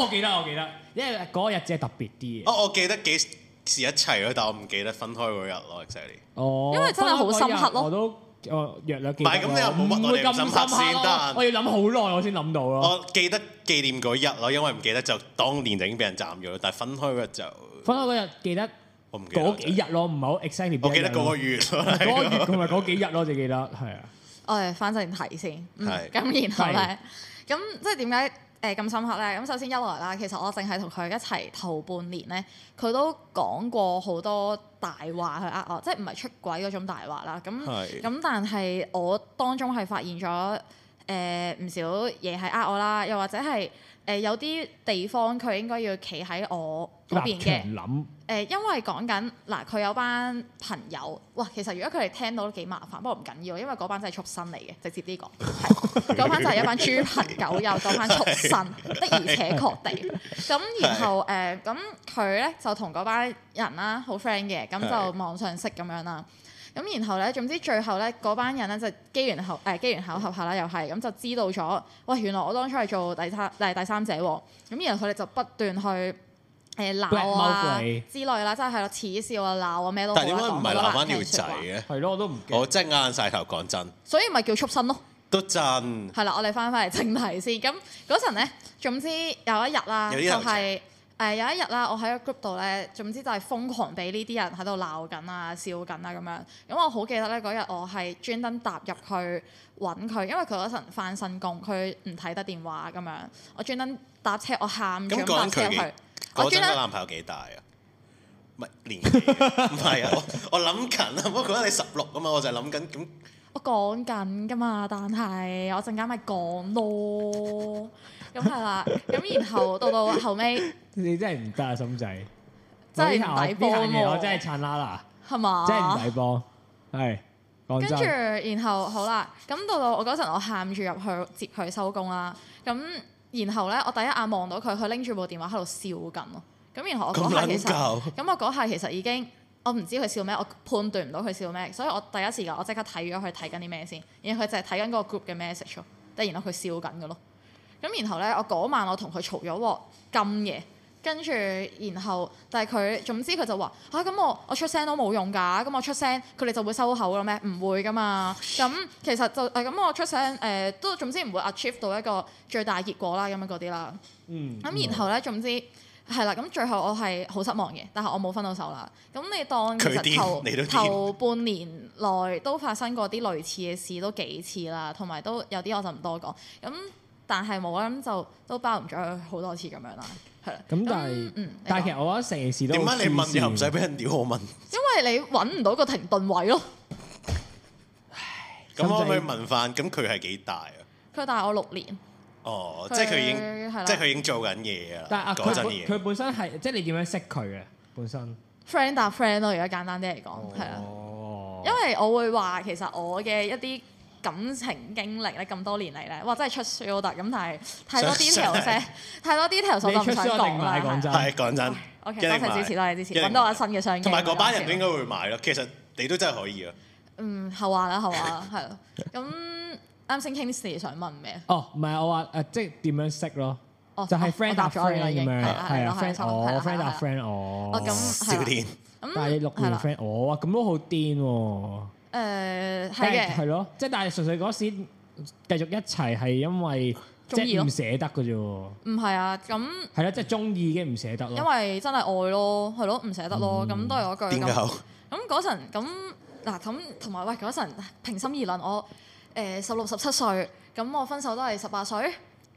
[SPEAKER 1] 記得
[SPEAKER 2] 我記得，因為嗰日只係特別啲嘅。哦，我記得幾。事一齊咯，但係我唔記得分開嗰日咯 exactly。哦，
[SPEAKER 1] 因為真係好深刻咯，我都哦略略，但唔係。咁你又唔會咁深刻得？我要諗好耐，我先諗到咯。我
[SPEAKER 2] 記得紀念嗰日咯，因為唔記得就當年就已經俾人斬咗。但係分開嗰日就分開嗰日記
[SPEAKER 1] 得。我唔記得嗰幾日咯，唔係好 exactly，我記得嗰個月，嗰個月同埋嗰幾日咯，就記得係啊。
[SPEAKER 3] 我哋翻正題
[SPEAKER 4] 先，
[SPEAKER 1] 咁然後
[SPEAKER 3] 咧，咁即係點解？誒咁、呃、深刻咧，咁首先一來啦，其實我淨係同佢一齊頭半年咧，佢都講過好多大話去呃我，即係唔係出軌嗰種大話啦。咁咁是但係我當中係發現咗誒唔少嘢係呃我啦，又或者係。誒、呃、有啲地方佢應該要企喺我嗰邊嘅，誒、呃、因為講緊嗱，佢有班朋友，哇！其實如果佢哋聽到都幾麻煩，不過唔緊要，因為嗰班真係畜生嚟嘅，直接呢、呢個，嗰班就係一班豬朋狗友，嗰班 畜生是的而且確地。咁是然後誒，咁佢咧就同嗰班人啦，好 friend 嘅，咁就網上識咁樣啦。咁然後咧，總之最後咧，嗰班人咧就機緣後誒、欸、機緣巧合下啦，又係咁就知道咗，喂，原來我當初係做第三誒第三者喎。咁然後佢哋就不斷去誒鬧、呃、啊 M 之類啦，即係喺度恥笑啊鬧啊咩都。但係點解唔係鬧翻
[SPEAKER 2] 條仔嘅？係咯，我都唔我即係啱晒頭講真。
[SPEAKER 3] 所以咪叫畜生咯。
[SPEAKER 2] 都真。
[SPEAKER 3] 係啦，我哋翻返嚟正題先。咁嗰陣咧，總之有一日啦，就係。誒有一日啦，我喺個 group 度咧，總之就係瘋狂俾呢啲人喺度鬧緊啊、笑緊啊咁樣。咁我好記得咧嗰日，我係專登踏入去揾佢，因為佢嗰陣返新工，佢唔睇得電話咁樣。我專登搭車，我喊住咁搭車入去。我專登。咁男
[SPEAKER 2] 朋友幾大啊？唔年，唔係 啊！我諗緊啊，我覺得你十六啊嘛，我就係諗緊
[SPEAKER 3] 咁。 我講緊㗎嘛，但係我陣間咪講咯。咁係啦，咁 然後到到後尾， 你
[SPEAKER 1] 真係唔得啊，心仔！
[SPEAKER 3] 真係唔抵幫我，我真，吧
[SPEAKER 1] 真係襯啦啦，
[SPEAKER 3] 係嘛？真係唔抵
[SPEAKER 1] 幫，係。跟住
[SPEAKER 3] 然後好啦，咁到到我嗰陣，我喊住入去接佢收工啦。咁然後咧，我第一眼望到佢，佢拎住部電話喺度笑緊咯。咁然後我講下其實，咁我嗰下其實已經我唔知佢笑咩，我判斷唔到佢笑咩，所以我第一時間我即刻睇咗佢睇緊啲咩先，然後佢就係睇緊嗰個 group 嘅 message 咯，跟住然後佢笑緊嘅咯。咁然後咧，我嗰晚我同佢嘈咗鑊金嘢，跟、哦、住然後，但係佢總之佢就話嚇咁我我出聲都冇用㗎，咁我出聲佢哋就會收口㗎咩？唔會㗎嘛。咁、嗯嗯、其實就誒咁、啊、我出聲誒都總之唔會 achieve 到一個最大結果啦，咁樣嗰啲啦。
[SPEAKER 4] 咁、嗯嗯、然後
[SPEAKER 3] 咧，總之係、嗯、啦。咁最後我係好失望嘅，但係我冇分到手啦。咁你當其實頭頭半年內都發生過啲類似嘅事都幾次啦，同埋都有啲我就唔多講咁。但係我諗就都包唔咗佢好多次咁樣啦，係啦。
[SPEAKER 1] 咁但係，但係其實我覺得成件事
[SPEAKER 2] 都點解你問又唔使俾人屌我問？
[SPEAKER 3] 因為你揾唔到個停頓位
[SPEAKER 2] 咯。唉，咁我去問翻，咁佢係幾大啊？
[SPEAKER 3] 佢大我六年。
[SPEAKER 2] 哦，即係佢已經，即係佢已經做緊嘢啊！但係啊，嗰陣嘢佢佢
[SPEAKER 1] 本身係即係你點樣識佢嘅？本身
[SPEAKER 3] friend 搭 friend 咯，而家簡單啲嚟講，係啊。
[SPEAKER 1] 哦。因
[SPEAKER 3] 為我會話其實我嘅一啲。感情經歷咧咁多年嚟咧，哇真係出書都得咁，但係太多 detail 先，太多 detail 我都唔想講啦。係
[SPEAKER 2] 講真，多謝支持多謝支持，揾到我新嘅相。同埋嗰班人應該會買咯。其實你都真係可以啊。
[SPEAKER 3] 嗯，後話啦，後話啦，係咯。咁啱先傾啲事，想問咩？
[SPEAKER 1] 哦，唔係我話誒，即係點樣識咯？哦，
[SPEAKER 3] 就係 friend 搭咗你啦，咁樣係 friend
[SPEAKER 1] 搭 friend，我少年，但係你六年 friend，我咁都好癲喎。
[SPEAKER 3] 誒係嘅，係
[SPEAKER 1] 咯、呃，即係但係純粹嗰時繼續一齊係因為即係唔捨得嘅啫喎。
[SPEAKER 3] 唔係啊，咁
[SPEAKER 1] 係咯，即係中意嘅唔捨得咯。因
[SPEAKER 3] 為真係愛咯，係咯，唔捨得咯，咁、嗯、都係嗰句。點解？咁嗰陣咁嗱，咁同埋喂，嗰陣平心而論，我誒十六十七歲，咁我分手都係十八歲，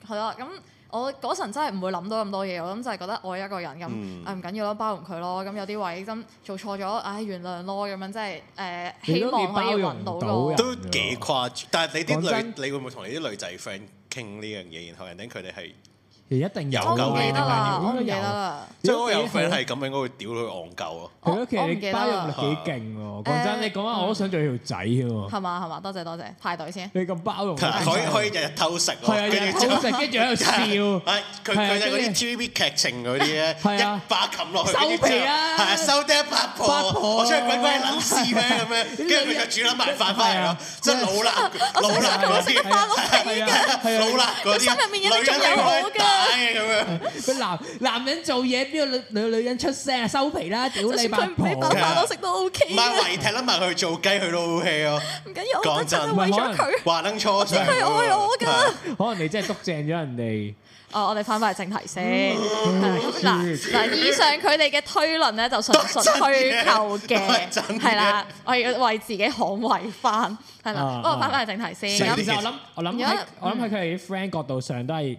[SPEAKER 3] 係啦咁。我嗰陣真係唔會諗到咁多嘢，我諗就係覺得愛一個人咁，誒唔緊要咯，包容佢咯。咁有啲位真做錯咗，唉、哎，原諒咯咁樣，即係誒、呃、希望可以揾到咯。
[SPEAKER 2] 都幾誇張，但係你啲女，你會唔會同你啲女仔 friend 傾呢樣嘢，然後人哋佢哋係？
[SPEAKER 1] 亦一定有救嘅，我記得。即
[SPEAKER 2] 係我有份係咁，應該會屌佢戇鳩啊！佢其實包容力幾
[SPEAKER 1] 勁喎。講真，你講下我都想做條仔嘅喎。係
[SPEAKER 3] 嘛，係嘛，多謝多謝，派對先。你
[SPEAKER 1] 咁包容力，佢可以
[SPEAKER 2] 日日偷食，跟住偷食，跟住喺度笑。係佢就嗰啲 TVB 劇情嗰啲咧，一把冚落去收爹八婆！係啊，收得一把破，我出去鬼鬼諗事咧咁樣，跟住佢就煮粒埋飯翻嚟咯，真係老啦老啦老啦嗰啲。男人面已經有我嘅。
[SPEAKER 1] 咁樣，男男人做嘢，邊個女女女人出聲啊？收皮啦，屌你媽！食都 OK，賣圍
[SPEAKER 2] 踢甩埋去做雞，佢都 OK 哦。唔緊要，講真，唔可能。話得錯啫。佢愛我噶，
[SPEAKER 1] 可能你真係督正咗人哋。
[SPEAKER 3] 哦，我哋翻翻去正題先。嗱嗱，以上佢哋嘅推論咧，就純粹虛構嘅，係啦。我要為自己捍衛翻，係啦。我翻翻去正題先。其實
[SPEAKER 1] 我諗，我諗，我諗喺佢哋 friend 角度上都係。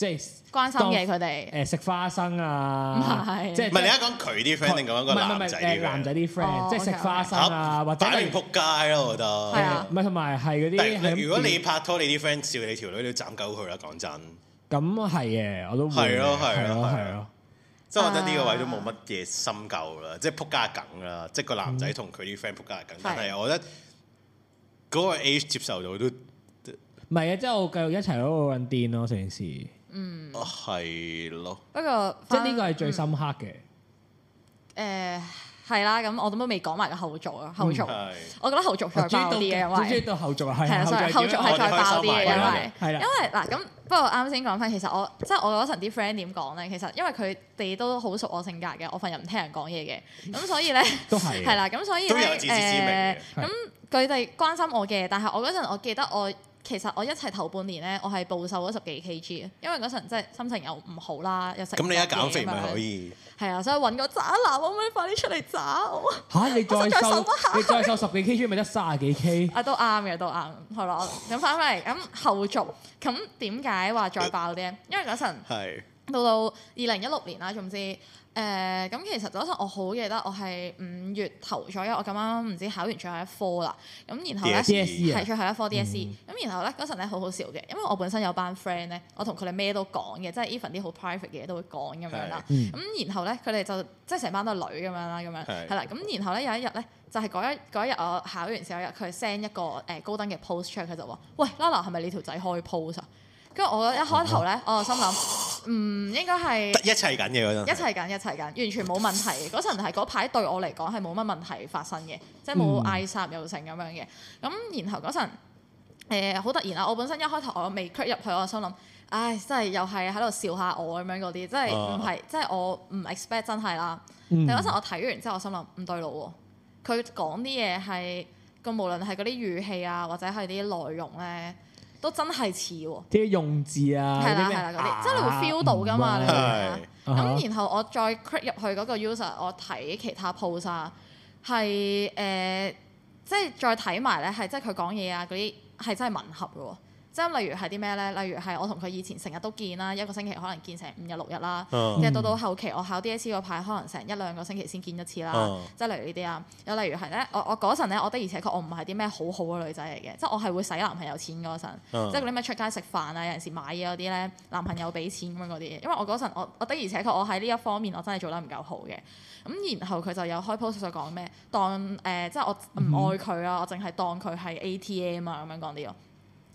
[SPEAKER 1] 即係關心嘅佢哋，誒食花生啊，唔係，即係唔係你而家講佢啲 friend 定講個男仔啲？男仔啲 friend，即係食花生啊，或者撲
[SPEAKER 2] 街咯，我覺得係啊，
[SPEAKER 1] 唔係同埋係嗰啲。但如果你拍
[SPEAKER 2] 拖，你啲 friend 笑你條女，你都斬狗佢啦，講真。
[SPEAKER 1] 咁係嘅，我都係咯，係咯，係
[SPEAKER 2] 咯。即係我覺得呢個位都冇乜嘢深究啦，即係撲街梗啦，即係個男仔同佢啲 friend 撲街梗，但係我覺得嗰個 a 接受到都唔係啊，
[SPEAKER 1] 即係我繼續一齊喺度揾電咯，成件事。
[SPEAKER 2] 嗯，係咯。不過
[SPEAKER 1] 即係呢個係最深刻嘅。
[SPEAKER 3] 誒，係啦。咁我都都未講埋個後續咯。後續，我覺得後續再爆啲嘅，因為追到
[SPEAKER 1] 後續係，後續係再爆啲嘅，因為因
[SPEAKER 3] 為嗱咁，不過啱先講翻，其實我即係我嗰陣啲 friend 點講咧，其實因為佢哋都好熟我性格嘅，我份人唔聽人講嘢嘅，咁所以咧，都係係啦。咁所以都有自知之明嘅。咁佢哋關心我嘅，但係我嗰陣我記得我。其實我一齊頭半年咧，我係暴瘦咗十幾 kg，因為嗰陣即係心情又唔好啦，又食咁你一
[SPEAKER 1] 減肥咪可以？
[SPEAKER 3] 係啊，所以揾個渣男，可唔可以快啲出嚟找？
[SPEAKER 1] 嚇、啊！你再瘦， 你再瘦十幾 kg 咪得三十幾 kg？
[SPEAKER 3] 啊，都啱嘅，都啱係咯。咁翻返嚟咁後續，咁點解話再爆啲？呃、因為嗰陣係到到二零一六年啦，總之。誒咁、呃、其實嗰陣我好記得，我係五月頭左右，我咁啱唔知考完最後一科啦。咁然後咧係 DSE 最後一科 DSE。咁然後咧嗰陣咧好好笑嘅，因為我本身有班 friend 咧，我同佢哋咩都講嘅，即係 even 啲好 private 嘅嘢都會講咁樣啦。咁、嗯、然後咧佢哋就即係成班都係女咁樣啦，咁是樣係啦。咁然後咧是有一日咧，就係、是、嗰一一日我考完試嗰日，佢 send 一個誒高登嘅 post 出嚟，佢就話：喂 Lala 係咪你條仔開 post 啊？跟住我一開頭咧，我就心諗。唔、嗯，應該係
[SPEAKER 2] 一齊緊嘅嗰陣，一齊
[SPEAKER 3] 緊一齊緊，完全冇問題。嗰陣係嗰排對我嚟講係冇乜問題發生嘅，嗯、即係冇嗌三又剩咁樣嘅。咁然後嗰陣誒好突然啦，我本身一開頭我未 click 入去，我心諗，唉，真係又係喺度笑下我咁樣嗰啲，即係唔係即係我唔 expect 真係啦。但嗰陣我睇完之後，我心諗唔對路喎，啊，佢講啲嘢係個無論係嗰啲語氣啊，或者係啲內容咧。都真係似喎，
[SPEAKER 1] 啲用字啊，嗰啲咩係啦係啦嗰啲，啊、即係你會 feel 到噶嘛，你明唔明？咁然
[SPEAKER 3] 後我再 click 入去嗰個 user，我睇其他 post 啊，係、呃、誒，即係再睇埋咧，係即係佢講嘢啊嗰啲，係真係吻合噶喎。即係例如係啲咩咧？例如係我同佢以前成日都見啦，一個星期可能見成五日六日啦。即係到到後期我考 DSE 嗰排，可能成一兩個星期先見一次啦。嗯、即係例如呢啲啊，又例如係咧，我我嗰陣咧，我的而且確我唔係啲咩好好嘅女仔嚟嘅，即係我係會使男朋友錢嗰陣，嗯、即係嗰啲咩出街食飯啊，有陣時買嘢嗰啲咧，男朋友俾錢咁樣嗰啲。因為我嗰陣我我的而且確我喺呢一方面我真係做得唔夠好嘅。咁然後佢就有開 post 在講咩？當誒、呃、即係我唔愛佢啊，嗯、我淨係當佢係 ATM 啊咁樣講啲咯。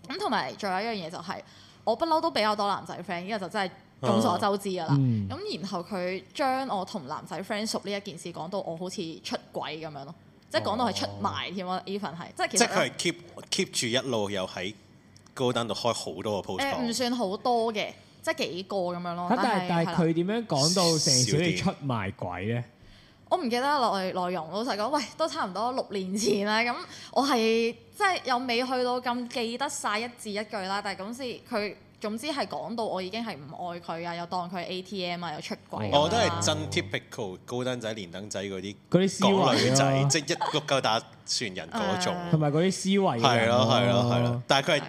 [SPEAKER 3] 咁同埋仲有一樣嘢就係、是，我不嬲都比較多男仔 friend，依個就真係眾所周知噶啦。咁、啊嗯、然後佢將我同男仔 friend 熟呢一件事講到我好似出軌咁樣咯，即係講到係出賣添咯，Even 係即係其實即係佢係
[SPEAKER 2] keep keep 住一路又喺高登度開好多個 post，唔
[SPEAKER 3] 算好多嘅，即係幾個咁樣咯。但係但係
[SPEAKER 1] 佢
[SPEAKER 2] 點樣講到成少出賣鬼咧？
[SPEAKER 3] 我唔記得內內容，老實講，喂，都差唔多六年前啦。咁我係即係又未去到咁記得晒一字一句啦。但係咁先，佢總之係講到我已經係唔愛佢啊，又當佢 ATM 啊，又
[SPEAKER 1] 出
[SPEAKER 2] 軌啊。我都係真 typical、哦、高登仔、連登仔嗰啲講女仔，啊、 即係一個夠打船人嗰種，同
[SPEAKER 1] 埋嗰啲思維、啊。係咯，係咯，係咯。
[SPEAKER 2] 但係佢係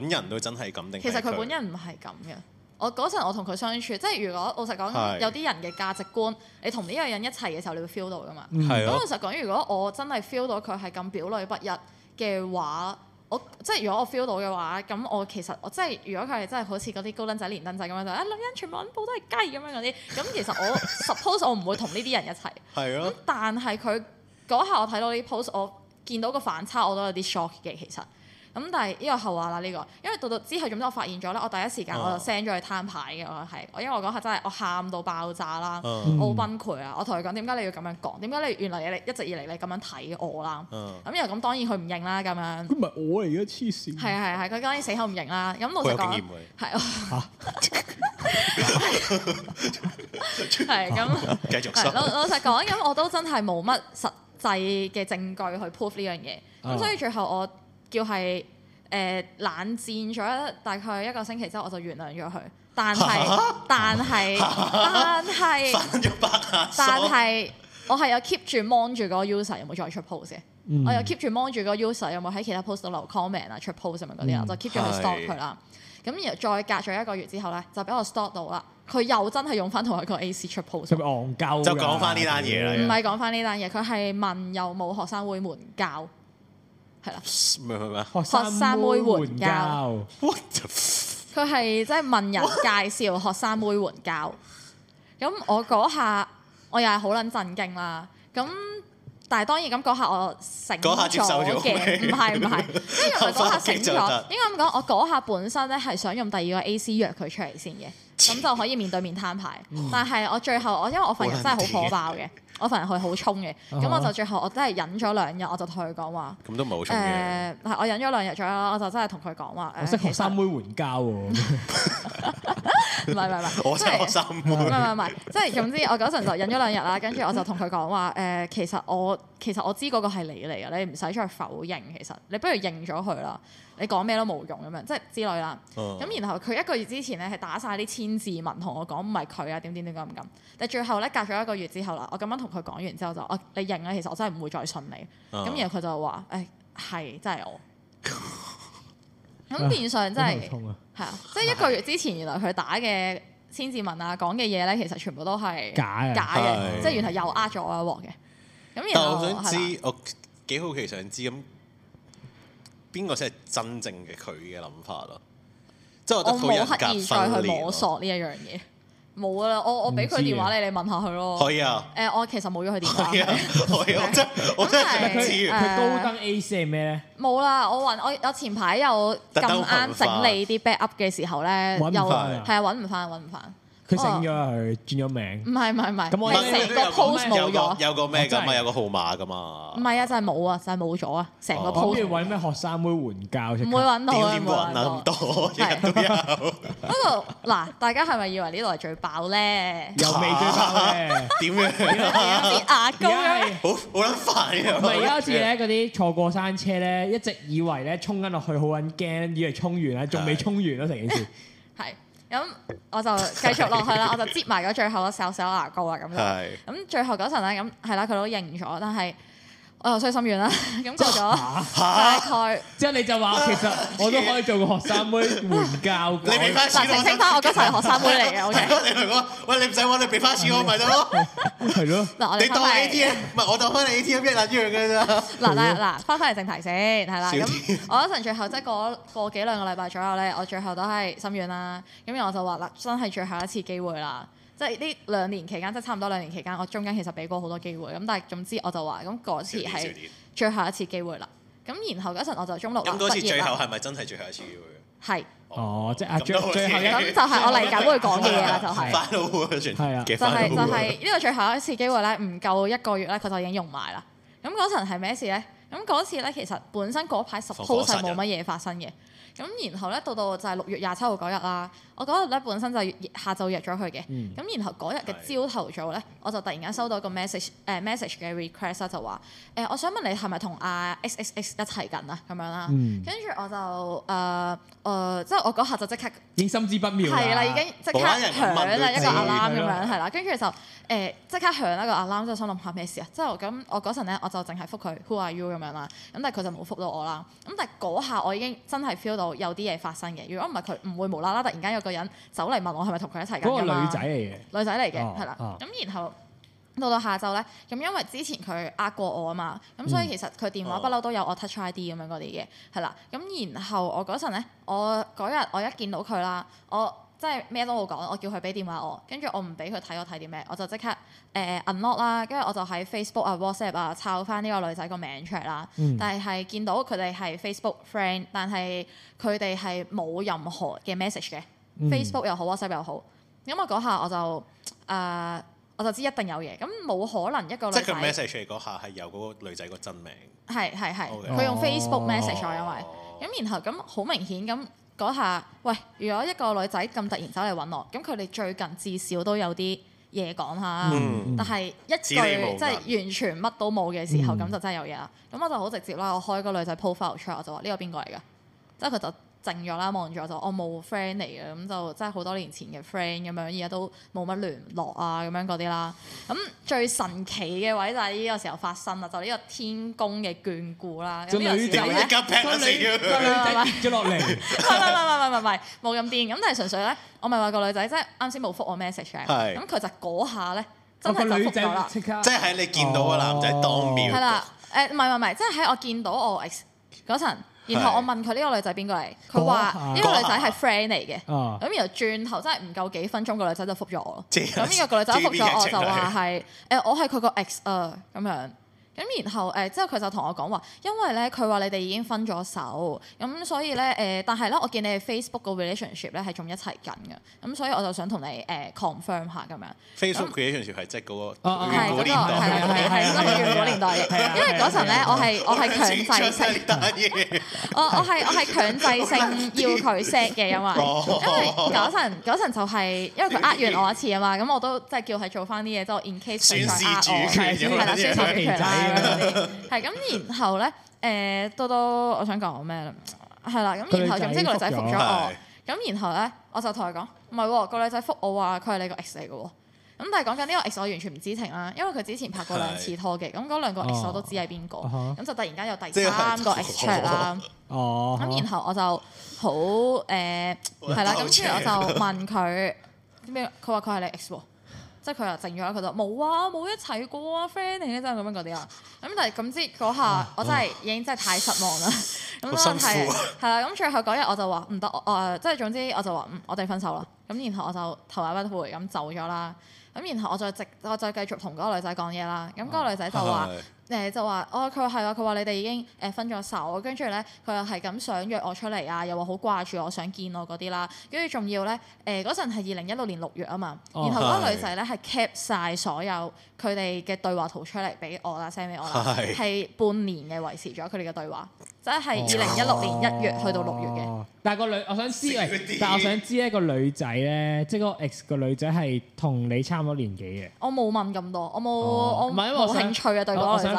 [SPEAKER 2] 本人都真係咁定。其實佢本
[SPEAKER 3] 人唔係咁嘅。我嗰陣我同佢相處，即係如果老實講有啲人嘅價值觀，是你同呢個人一齊嘅時候，你會 feel 到㗎嘛？
[SPEAKER 2] 咁的老實
[SPEAKER 3] 講，如果我真係 feel 到佢係咁表裏不一嘅話，我即係如果我 feel 到嘅話，咁我其實我即係如果佢係真係好似嗰啲高登仔、連登仔咁樣就啊，女人全部都係雞咁樣嗰啲，咁其實我 suppose 我唔會同呢啲人一齊。的但係佢嗰下我睇到呢啲 post，我見到個反差，我都有啲 shock 嘅其實。咁但係呢個後話啦，呢、呢個，因為到到之後，總之我發現咗咧，我第一時間我就 send 咗佢攤牌嘅、uh.，我係，因為我嗰下真係我喊到爆炸啦、uh.，我好崩潰啊！我同佢講點解你要咁樣講？點解你原來你一直以嚟你咁樣睇我啦？咁又為咁當然佢唔認啦，咁樣。佢
[SPEAKER 1] 唔係我嚟而家黐線。
[SPEAKER 3] 係係係，佢當然死口唔認啦。咁老實講，係。係咁，繼續。老 老實講，咁我都真係冇乜實際嘅證據去 prove 呢樣嘢。咁、uh. 所以最後我。叫係誒、呃、冷戰咗大概一個星期之後，我就原諒咗佢。但係哈但係是但係是，但係我係有 keep 住望住嗰個 user 有冇再出 post 嘅？嗯、我有 keep 住望住嗰個 user 有冇喺其他 post 度留 comment 啊、出 post 啊嗰啲啊，嗯、我就 keep 住去 stop 佢啦。咁是然後再隔咗一個月之後咧，就俾我 stop 到啦。佢又真係用翻同一個 A C 出 post，
[SPEAKER 1] 係咪戇鳩？就講翻呢單嘢
[SPEAKER 2] 啦。唔係
[SPEAKER 3] 講翻呢單嘢，佢係問有冇學生會門教。
[SPEAKER 2] 係啦，咪係咪啊？學生妹援交，
[SPEAKER 3] 佢係即係問人介紹學生妹援交。咁我嗰下我又係好撚震驚啦。咁但係當然咁嗰下我醒咗嘅，唔係唔係。嗰下 醒咗，應該咁講。 我嗰下本身咧係想用第二個 A C 約佢出嚟先嘅。咁就可以面對面攤牌，嗯、但係我最後我因為我份人真係好火爆嘅，哇我份人佢好衝嘅，咁、啊、我就最後我都係忍咗兩日，我就同佢講話，
[SPEAKER 2] 咁都唔係好衝
[SPEAKER 3] 嘅，我忍咗兩日之後，我就真係同佢講話，我識
[SPEAKER 1] 同三妹換交喎。呃
[SPEAKER 3] 唔係唔係唔係，我心唔係唔係，即係總之我嗰陣就忍咗兩日啦，跟住我就同佢講話誒，其實我其實我知嗰個係你嚟嘅，你唔使再否認，其實你不如認咗佢啦，你講咩都冇用咁樣，即係之類啦。咁、嗯、然後佢一個月之前咧係打晒啲千字文同我講唔係佢啊，點點點咁咁，但係最後咧隔咗一個月之後啦，我咁樣同佢講完之後就我、啊、你認啊，其實我真係唔會再信你。咁、嗯、然後佢就話誒係真係我。 咁變相真係係啊！即係、就是啊、一個月之前，原來佢打嘅千字文啊，講嘅嘢咧，其實全部都係假嘅，假的的即係原來又呃咗我一鑊嘅。
[SPEAKER 2] 咁但係我想知，的我幾好奇想知，咁邊個先係真正嘅佢嘅諗法咯？即係我冇刻意再去摸索
[SPEAKER 3] 呢一樣嘢。冇啦，我我俾佢電話你，你問下佢咯。可以啊。呃、我其實冇咗佢電話。
[SPEAKER 2] 可以、啊， 我
[SPEAKER 1] 真我真係。佢、呃、高登 AC 係咩咧？
[SPEAKER 3] 冇啦，我雲我我前排又咁啱整理啲 backup 嘅時候咧，又係啊，揾唔翻，揾唔翻。
[SPEAKER 1] 佢
[SPEAKER 2] 醒咗，佢轉咗名。
[SPEAKER 3] 唔係唔係唔係，成個 post 冇咗。
[SPEAKER 2] 有個咩㗎嘛？有個號碼㗎嘛？唔
[SPEAKER 3] 係啊，就係冇啊，就係冇咗啊，成個 post。好似
[SPEAKER 2] 揾咩
[SPEAKER 1] 學生妹援
[SPEAKER 2] 交出，唔會
[SPEAKER 3] 揾到啊，冇咁多
[SPEAKER 2] 人都有。不過
[SPEAKER 3] 嗱，大家係咪以為呢度係最爆咧？
[SPEAKER 2] 又未最爆嘅，點樣？有啲牙膏好好快啊！未開始咧，
[SPEAKER 1] 嗰啲坐過山車咧，一直以為咧衝緊落去好撚驚，以為衝完啦，仲未衝完啦，成件事
[SPEAKER 3] 係。咁我就繼續落去啦， 我就接埋咗最後嗰少少牙膏啊咁咯。咁最後嗰陣咧，咁係啦，佢都認咗，但係，我又衰心軟啦，咁、嗯、過咗，蛤
[SPEAKER 1] 大概。之後你就話其實我都可以做個學生
[SPEAKER 2] 妹援交。啊、過了你俾翻錢我咪得咯。澄清翻，我嗰陣係學生妹嚟嘅，我係。係咯，你當 A T 啊？唔係我當翻你 A T，一樣嘅咋。嗱嗱嗱，
[SPEAKER 3] 翻返嚟正題先，係啦。咁我嗰陣最後即係過過幾兩個禮拜左右咧，我最後都係心軟啦。咁然後我就話啦，真係最後一次機會啦。即係呢兩年期間，即係差唔多兩年期間，我中間其實俾過好多機會，咁但係總之我就話，咁嗰次係最後一次機會啦。咁然後嗰陣我就中六。咁嗰、嗯、次最後係咪真係最
[SPEAKER 2] 後一次機會？係是。哦，即係阿張，最後一次就係我理解佢講嘅嘢啦，就係、是 就是。翻
[SPEAKER 1] 到完全。就係就
[SPEAKER 3] 係呢個最後一次機會咧，唔夠一個月咧，佢就已經用埋啦。咁嗰陣係咩事咧？咁嗰次咧，其實本身嗰排十鋪實冇乜嘢發生嘅。咁然後咧，到到就係六月廿七號嗰日啦。我嗰日咧本身就下晝約咗佢嘅。咁、嗯、然後嗰日嘅朝頭早咧，是的 我就突然間收到一個 message,、uh, message 誒 message 嘅 request、啊、就話誒、呃，我想問你係咪同阿 XXX 一齊緊啊？咁樣啦。跟住、嗯、我就誒誒，即、呃、係、呃、我嗰下就即刻已
[SPEAKER 1] 經心知不妙，係啦，已經即刻響啦一個 alarm 咁樣，係
[SPEAKER 3] 啦。跟住就。誒即刻響一個 alarm，心諗下咩事啊！之後咁，那我嗰陣咧我就淨係覆佢 Who are you 咁樣啦。咁但係佢就冇覆到我啦。咁但係嗰下我已經真係 feel 到有啲嘢發生嘅。如果唔係佢，唔會無啦啦突然間有個人走嚟問我係咪同佢一齊咁啊，嗰個女仔嚟嘅。女仔嚟嘅，係啦。咁然後到到下晝咧，咁因為之前佢呃過我啊嘛，咁所以其實佢電話不嬲都有我 touch ID 咁樣嗰啲嘅，係啦。咁然後我嗰陣咧，我嗰日我一見到佢啦，我。即係咩都我講，我叫佢俾電話我，跟住我唔俾佢睇我睇啲咩，我就即刻誒 unlock 啦，跟住我就喺 Facebook 啊、WhatsApp 啊抄返呢個女仔個名出嚟啦。嗯、但係見到佢哋係 Facebook friend，但係佢哋係冇任何嘅 message 嘅。嗯。Facebook 又好，WhatsApp 又好。咁我嗰下我就誒、呃，我就知一定有嘢。咁冇可能一個女仔，即係佢
[SPEAKER 2] message 嚟嗰下係有嗰個女仔個真名，
[SPEAKER 3] 係係係。佢 Okay. 用 Facebook message 啊、哦，我因為咁然後咁好明顯咁。嗰下，喂！如果一個女仔咁突然走嚟揾我，咁佢哋最近至少都有啲嘢講下。嗯、但係一句即係完全乜都冇嘅時候，咁、嗯、就真係有嘢啦。咁我就好直接啦，我開個女仔 profile 出嚟，我就話呢個邊個嚟㗎？之後佢就。靜咗啦，望住我，就我冇 friend 嚟嘅，咁就真係好多年前嘅 friend 咁樣，而家都冇乜聯絡啊，咁樣嗰啲啦。咁最神奇嘅位就係呢個時候發生啦，就呢個天公嘅眷顧啦。咁女仔一腳劈咗死佢，咁
[SPEAKER 1] 女跌咗落嚟。唔唔
[SPEAKER 3] 唔唔唔唔，冇咁癲。咁但係純粹咧，我咪話個女仔即係啱先冇覆我 message 嘅。係。咁佢就嗰下咧，真係就覆咗啦。即
[SPEAKER 2] 係喺你見到個男仔當面。係啦。
[SPEAKER 3] 誒，唔係唔係，即係喺我見到我 ex 嗰層。然後我問佢呢個女仔邊個嚟？佢話呢個女仔係 friend 嚟嘅。咁、嗯、然後轉頭真係唔夠幾分鐘，個女仔就覆咗我。咁呢、啊、個女仔覆咗我，啊、我就話係，誒、啊、我係佢個 ex 啊咁樣。咁然後誒，即係佢就同我講話，因為咧，佢話你哋已經分咗手，咁所以咧誒，但係咧，我見你哋 Facebook 個 relationship 咧係仲一齊緊嘅，咁所以我就想同你誒 confirm 下咁樣。Facebook
[SPEAKER 2] relationship 係即係嗰個係，係啦，係啦，咁係嗰個年代。因為嗰陣咧，
[SPEAKER 3] 我係，我係強制性，我我係強制性要佢 set 嘅，因為因為嗰陣就係因為佢呃完我一次吖嘛，咁我都即係叫佢做返啲嘢，即係我 in case 佢再呃我係啦，俾佢啦。係咁，然後咧，誒，多多，我想講咩咧？係啦，咁然後仲即個女仔覆咗我，咁然後咧，我就同佢講，唔係喎，個女仔覆我話佢係你個 X 嚟嘅喎。咁但係講緊呢個 X，我完全唔知情啦，因為佢之前拍過兩次拖嘅，咁嗰兩個 X 我都知係邊個，咁就突然間有第三個 X 出嚟啦，
[SPEAKER 1] 哦，咁然後
[SPEAKER 3] 我就好誒，係啦，咁之後我就問佢咩，佢話佢係你 X 喎。即係佢又靜咗，佢就冇啊，冇一齊過啊，friend 定咧真係咁樣嗰啲啊。咁但係總之嗰下我真係、啊啊、已經真係太失望啦。咁我係係啦，咁最後嗰日我就話唔得，我即係總之我就話嗯，我哋分手啦。咁然後我就頭也不回咁走咗啦。咁然後我再直，我再繼續同嗰個女仔講嘢啦。咁、那、嗰個女仔就話。啊誒就話哦，佢話係啊，佢話你哋已經誒分咗手，跟住咧佢又係咁想約我出嚟啊，又話好掛住我想見我嗰啲啦，跟住仲要咧誒嗰陣係二零一六年六月啊嘛，哦、然後嗰個女仔咧係 keep 晒所有佢哋嘅對話圖出嚟俾我啦，send 俾我啦，係半年嘅維持咗佢哋嘅對話。即係二零一六年一月去到六月
[SPEAKER 1] 嘅，但係個女，我想知，但係我想知一個女仔咧，即係個 ex 個女仔係同你差唔多年紀嘅。
[SPEAKER 3] 我冇問咁多，我冇，我唔冇興趣啊對個女仔。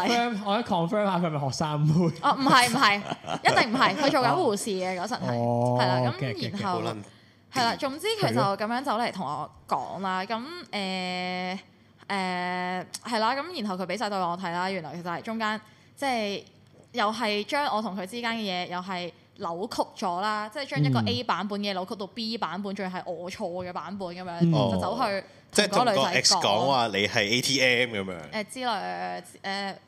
[SPEAKER 3] 我想
[SPEAKER 1] confirm 下佢係咪學生妹？哦，
[SPEAKER 3] 唔係唔係，一定唔係，佢做緊護士嘅嗰陣係，係啦，咁然後係啦，總之佢就咁樣走嚟同我講啦，咁誒誒係啦，咁然後佢俾晒對我睇啦，原來其實係中間即係。又係將我同佢之間嘅嘢又係扭曲咗啦，即係將一個 A 版本嘅扭曲到 B 版本，仲係我錯嘅版本咁樣，哦、就走去同個女仔講，即係同個 X 講
[SPEAKER 2] 你係 ATM 咁樣。
[SPEAKER 3] 誒之類誒誒。呃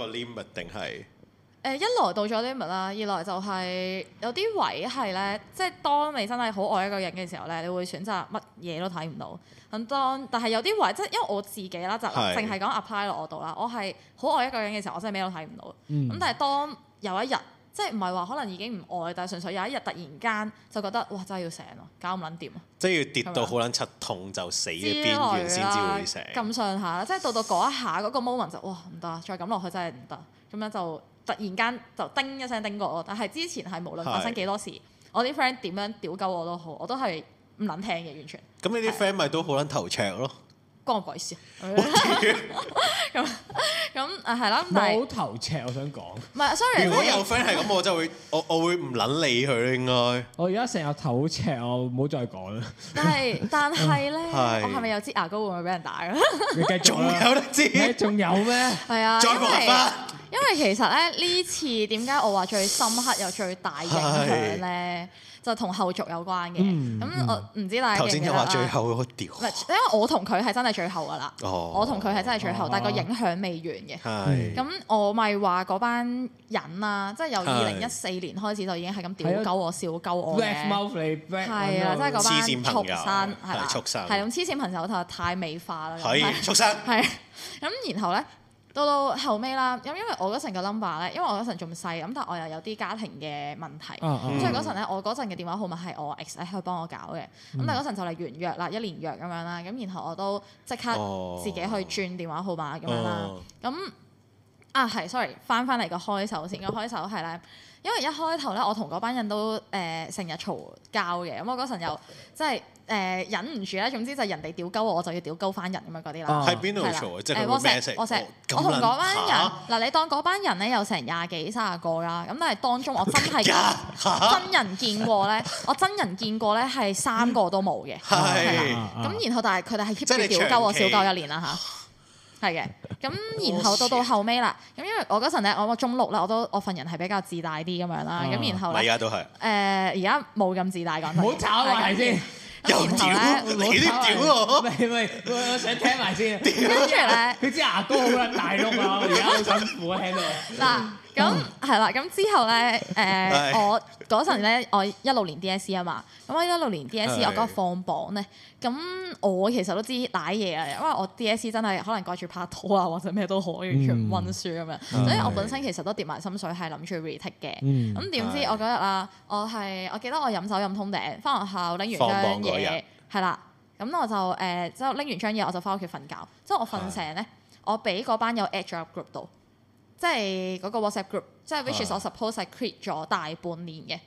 [SPEAKER 2] 個 limit 定
[SPEAKER 3] 係誒一來到咗 limit 啦，二來就係有啲位係咧，即係當你真係好愛一個人嘅時候咧，你會選擇乜嘢都睇唔到。咁當但係有啲位，即係因為我自己啦，就淨係講 apply 落我度啦，我係好愛一個人嘅時候，我真係咩都睇唔到。咁、嗯、但係當有一日。即係唔係話可能已經唔愛，但係純粹有一日突然間就覺得，哇！真係要醒咯，搞唔撚掂！啊！即
[SPEAKER 2] 係要跌到好撚七痛吧就死嘅邊緣先至會醒。咁
[SPEAKER 3] 上下，即係到到嗰一下，嗰、嗰個 moment 就哇唔得，再咁落去真係唔得。咁樣就突然間就叮一聲叮過咯。但係之前係無論發生幾多事，是我啲 friend 點樣屌鳩我都好，我都係唔撚聽嘅完全。
[SPEAKER 2] 咁你啲 friend 咪都好撚頭赤咯？
[SPEAKER 3] 關我鬼事，咁咁啊，係啦、 嗯，但係好
[SPEAKER 2] 頭赤，我想講。
[SPEAKER 3] 唔係，sorry。如果有
[SPEAKER 2] friend 係咁，我真會，我我會唔撚理佢咧，應該。
[SPEAKER 1] 我而家成日頭赤，我唔好再講啦。但係
[SPEAKER 3] 但係咧， 是我係咪有支牙膏會唔會俾人打㗎？你繼續。仲
[SPEAKER 1] 有得知？仲有咩？
[SPEAKER 3] 係啊。 再講翻。因為其實咧，呢次點解我話最深刻又最大影響咧？ 就同後續有關嘅，咁我唔知但家頭先又話最後嗰，因為我同佢係真係最後噶啦，我同佢係真係最後，但個影響未完嘅。咁我咪話嗰班人啦，即係由二零一四年開始就已經係咁屌鳩我笑鳩我嘅，係啊，即係嗰班畜生係啊，畜生係咁黐線，朋友太美化啦，係畜生，係咁然後咧。到到後尾啦，咁因為我嗰陣個 number 咧，因為我嗰陣仲細，咁但係我又有啲家庭嘅問題，啊啊、所以嗰陣咧我嗰陣嘅電話號碼係我 ex 去幫我搞嘅，咁但係嗰陣就嚟完約啦，一年約咁樣啦，咁然後我都即刻自己去轉電話號碼咁樣啦，咁啊係、啊、sorry，翻翻嚟個開手先，個開手係咧。因為一開頭咧，我同嗰班人都誒成日嘈交嘅，咁我嗰陣又即係誒忍唔住咧，總之就人哋屌鳩我，我就要屌鳩翻人咁樣嗰啲啦。係
[SPEAKER 2] 邊度嘈啊？即係我成我成我同嗰班人
[SPEAKER 3] 嗱，你當嗰班人咧有成廿幾卅個啦，咁但係當中我真係真人見過咧，我真人見過咧係三個都冇嘅。係啦，咁然後但係佢哋係 keep 住屌鳩我，屌鳩一年啦嚇。係嘅，咁然後到到後尾啦。咁因為我嗰陣咧，我我中六啦，我都我份人係比較自大啲咁樣啦。咁、嗯、然後咧，誒而家冇咁自大講，唔好炒
[SPEAKER 4] 埋先開。咁然
[SPEAKER 1] 又屌，攞啲屌我，咪咪，我想聽埋先。跟住咧，佢支 牙膏好大碌啊！而家好辛苦喺度。嗱
[SPEAKER 3] 咁係啦，咁之後咧，誒、呃、 我嗰陣咧，我一六年 D.S.C. 啊嘛，咁我一六年 D.S.C. 的我嗰日放榜咧，咁我其實都知瀨嘢啊，因為我 D.S.C. 真係可能掛住拍拖啊，或者咩都可以，完全唔温書咁樣，嗯、所以我本身其實都疊埋心水，係諗住 retake 嘅。咁點、嗯、知我嗰日啦，我係我記得我飲酒飲通頂，翻學校拎完張嘢，係啦，咁我就誒即拎完張嘢我就翻屋企瞓覺，即的我瞓醒咧，我俾嗰班友 at 入 group 度。即係嗰個 WhatsApp group，即係 which is 我 suppose I create 咗大半年嘅。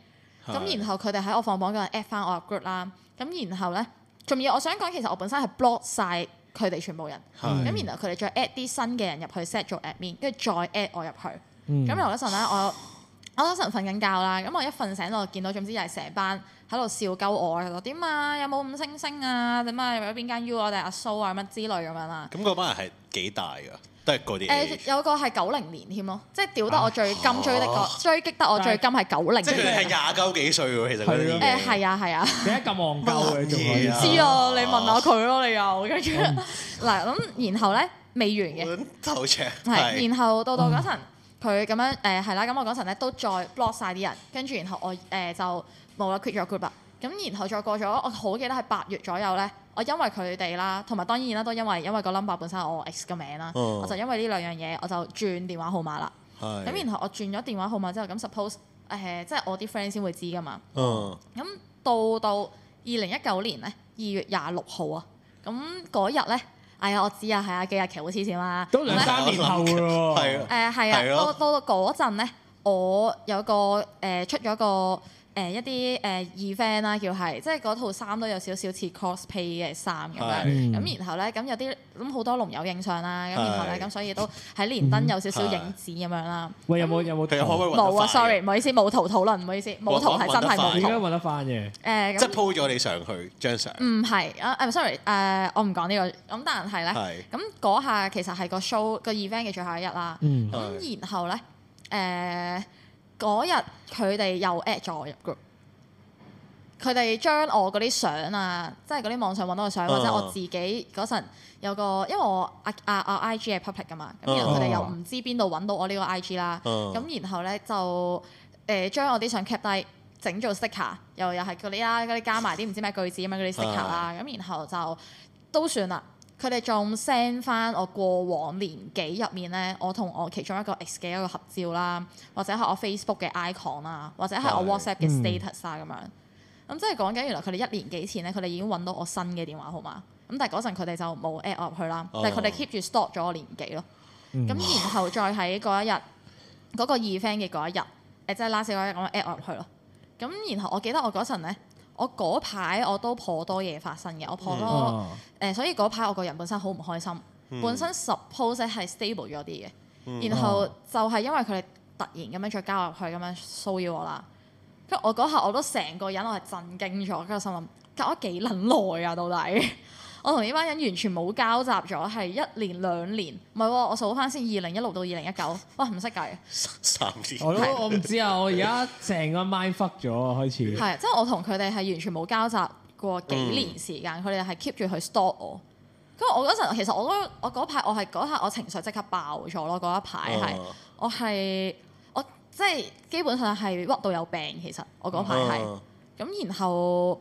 [SPEAKER 3] 咁然後佢哋喺我放榜嗰陣 at 翻我入 group 啦。咁然後咧，仲要我想講，其實我本身係 block 曬佢哋全部人。咁然後佢哋再 at 啲新嘅人入去 set 做 admin，跟住再 at 我入去。咁有一陣咧，我我嗰陣瞓緊覺啦。咁我一瞓醒就見到，總之又係成班喺度笑鳩我。話點啊？有冇五星星啊？點啊？入咗邊間 U 啊？定阿蘇啊？乜之類咁樣啦。
[SPEAKER 2] 咁嗰班人係幾大㗎？都係啲、呃。
[SPEAKER 3] 誒有個係九零年添咯，即係屌得我最金追得、嗰個追擊得我最金係九零。即係你係廿
[SPEAKER 2] 九幾歲喎，其實嗰啲。誒係
[SPEAKER 3] 啊係啊。
[SPEAKER 1] 點解咁憨
[SPEAKER 2] 鳩嘅仲可以啊？唔知啊，你
[SPEAKER 3] 問下佢咯，你又跟住嗱咁，然後咧未完嘅。好長。係，然後到到嗰陣佢咁樣誒係啦，咁、啊、我嗰陣咧都再 block 曬啲人，跟住然後我誒、呃、就冇啦，quit 咗 group。咁然後再過咗，我好記得係八月左右咧，我因為佢哋啦，同埋當然啦，都因為因為個 number 本身係我 x 嘅名啦，哦、我就因為呢兩樣嘢，我就轉電話號碼啦。咁是的 然後我轉咗電話號碼之後，咁 suppose 誒、呃，即、就、係、是、我啲 friend 先會知噶嘛。咁、哦、到到二零一九年咧，二月廿六號啊，咁嗰日咧，哎呀，我知啊，係啊，幾日期好似線好黐線啊，都
[SPEAKER 4] 兩三年後嘅喎，係啊 的，誒係啊，的的到
[SPEAKER 3] 到嗰陣咧，我有個誒出咗個。誒一啲誒 event 啦叫係，即係嗰套衫都有少少似 cosplay 嘅衫咁樣，咁然後咧，咁有啲咁好多龍友影相啦，咁然後咧，咁所以都喺連登有少少影子咁樣啦。
[SPEAKER 1] 喂，有冇有冇圖
[SPEAKER 3] 可以揾冇啊？sorry，唔好意思，冇圖討論，唔好意思，冇圖係真係冇。點解
[SPEAKER 2] 揾得翻嘅？誒，即係 po 咗你上去張相。
[SPEAKER 3] 唔係啊，sorry，誒我唔講呢個，咁但係咧，咁嗰下其實係個 show 個 event 嘅最後一日啦。咁然後咧，誒。嗰日佢哋又 at 咗我入 group，佢哋將我嗰啲相啊，即係嗰啲網上揾到嘅相，或者、uh oh. 我自己嗰陣有個，因為我啊啊 IG 係 public 噶嘛，咁然後佢哋又唔知邊度揾到我呢個 IG 啦、uh，咁、oh. 然後呢，就誒將、呃、我啲相 cap 低，整做 sticker 又又係嗰啲啦，嗰啲加埋啲唔知咩句子咁樣嗰啲 sticker 啦，咁、oh. 然後就都算啦。佢哋仲 send 翻我過往年幾入面咧，我同我其中一個 ex 嘅一個合照啦，或者係我 Facebook 嘅 icon 啦、啊，或者係我 WhatsApp 嘅 status 啊咁、嗯、樣。咁即係講緊原來佢哋一年幾前咧，佢哋已經揾到我新嘅電話號碼。咁但係嗰陣佢哋就冇 add 我入去啦，oh, 但係佢哋 keep 住 stop 咗我年幾咯。咁、嗯、然後再喺嗰一日，嗰、嗰個二 friend 嘅嗰一日，誒即係 last 嗰日咁樣 add 我入去咯。咁然後我記得我嗰陣咧。我嗰排我都頗多嘢發生嘅，我頗多誒、嗯哦呃，所以嗰排我個人本身好唔開心，嗯、本身 suppose 係 stable 咗啲嘅，嗯、
[SPEAKER 2] 然後
[SPEAKER 3] 就係因為佢哋突然咁樣再加入去咁樣騷擾我啦，跟住我嗰下我都成個人我係震驚咗，跟住心諗隔咗幾撚耐啊，到底？ 我同呢班人完全冇交集咗，係一年兩年，唔係喎，我數翻先，二零一六到二零一九，哇，唔識計。
[SPEAKER 4] 三
[SPEAKER 1] 年。我唔知啊，我而家成個 mind fuck 咗，開始。係，
[SPEAKER 3] 即係我同佢哋係完全冇交集過幾年時間，佢哋係 keep 住去 stop 我。咁我嗰陣其實我都，我嗰排我係嗰刻我情緒即刻爆咗咯，嗰一排係我係我即係基本上係屈到有病，其實我嗰排係咁，然後。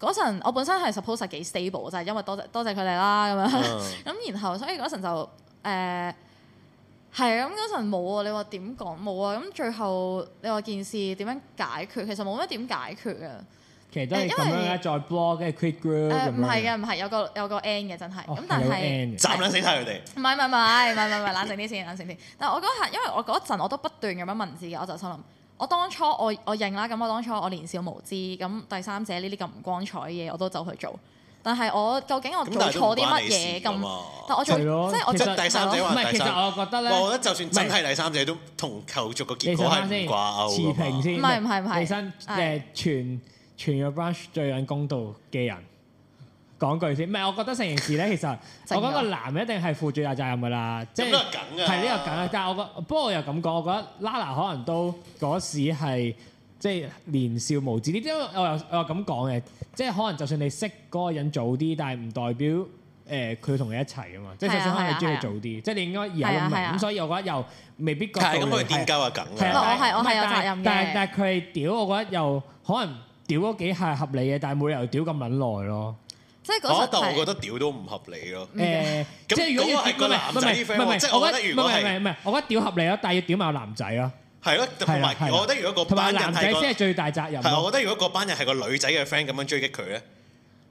[SPEAKER 3] 嗰陣我本身係 suppose 係幾 stable，就係因為多謝多謝佢哋啦咁樣，咁、uh oh. 然後所以嗰陣就誒係啊，咁嗰陣冇啊，你話點講冇啊？咁最後你話件事點樣解決？其實冇乜點解決啊。
[SPEAKER 1] 其實因係咁樣再 blog 跟住 quit group、呃。誒唔係嘅，
[SPEAKER 3] 唔係有個有個 end 嘅真係。咁、哦、但是個 end 嘅。
[SPEAKER 1] 是斬死曬佢哋。
[SPEAKER 3] 唔係唔係唔係唔係唔係，冷靜啲先， 冷靜啲。但我嗰下因為我嗰陣我都不斷入緊文字嘅，我就心諗。我當初我我認啦，咁我當初我年少無知，咁第三者呢啲咁唔光彩嘅嘢我都走去做，但係我究竟我做錯啲乜嘢咁？但係我做了實
[SPEAKER 2] 即係我其實我覺得咧，我覺得就算真係第三者都是同後續個結果係唔掛鈎嘅，持平先，唔係唔係唔係，其身誒
[SPEAKER 1] 是全傳咗 brush 最引公道嘅人。講句先，唔係我覺得成件事咧，其實我覺得個男一定係負最大責任噶啦，即係係呢個梗。但係我覺，不過我又咁講，我覺得 Lala 可能都嗰時係即係年少無知啲，因為我又我又咁講嘅，即係可能就算你識嗰個人早啲，但係唔代表誒佢同你一齊啊嘛。即係就算可能你中意早啲，即係你應該而家明。咁所以我覺得又未
[SPEAKER 2] 必。係咁，佢點交啊梗嘅。係啊，我
[SPEAKER 1] 係我係有責任嘅。但係但係佢係屌，我覺得又可能屌咗幾下係合理嘅，但係冇理由屌咁撚耐咯。即係嗰
[SPEAKER 2] 陣但我覺得屌都唔合理咯。誒，即係如果係個男仔 friend，即係我覺得如果係唔係
[SPEAKER 1] 我覺得屌合理咯，但係要屌埋個男仔咯。
[SPEAKER 2] 係咯，同埋我覺得如果個班人係個男仔先係
[SPEAKER 1] 最大責任。係，我
[SPEAKER 2] 覺得如果個班人係個女仔嘅 friend 咁樣追擊佢咧，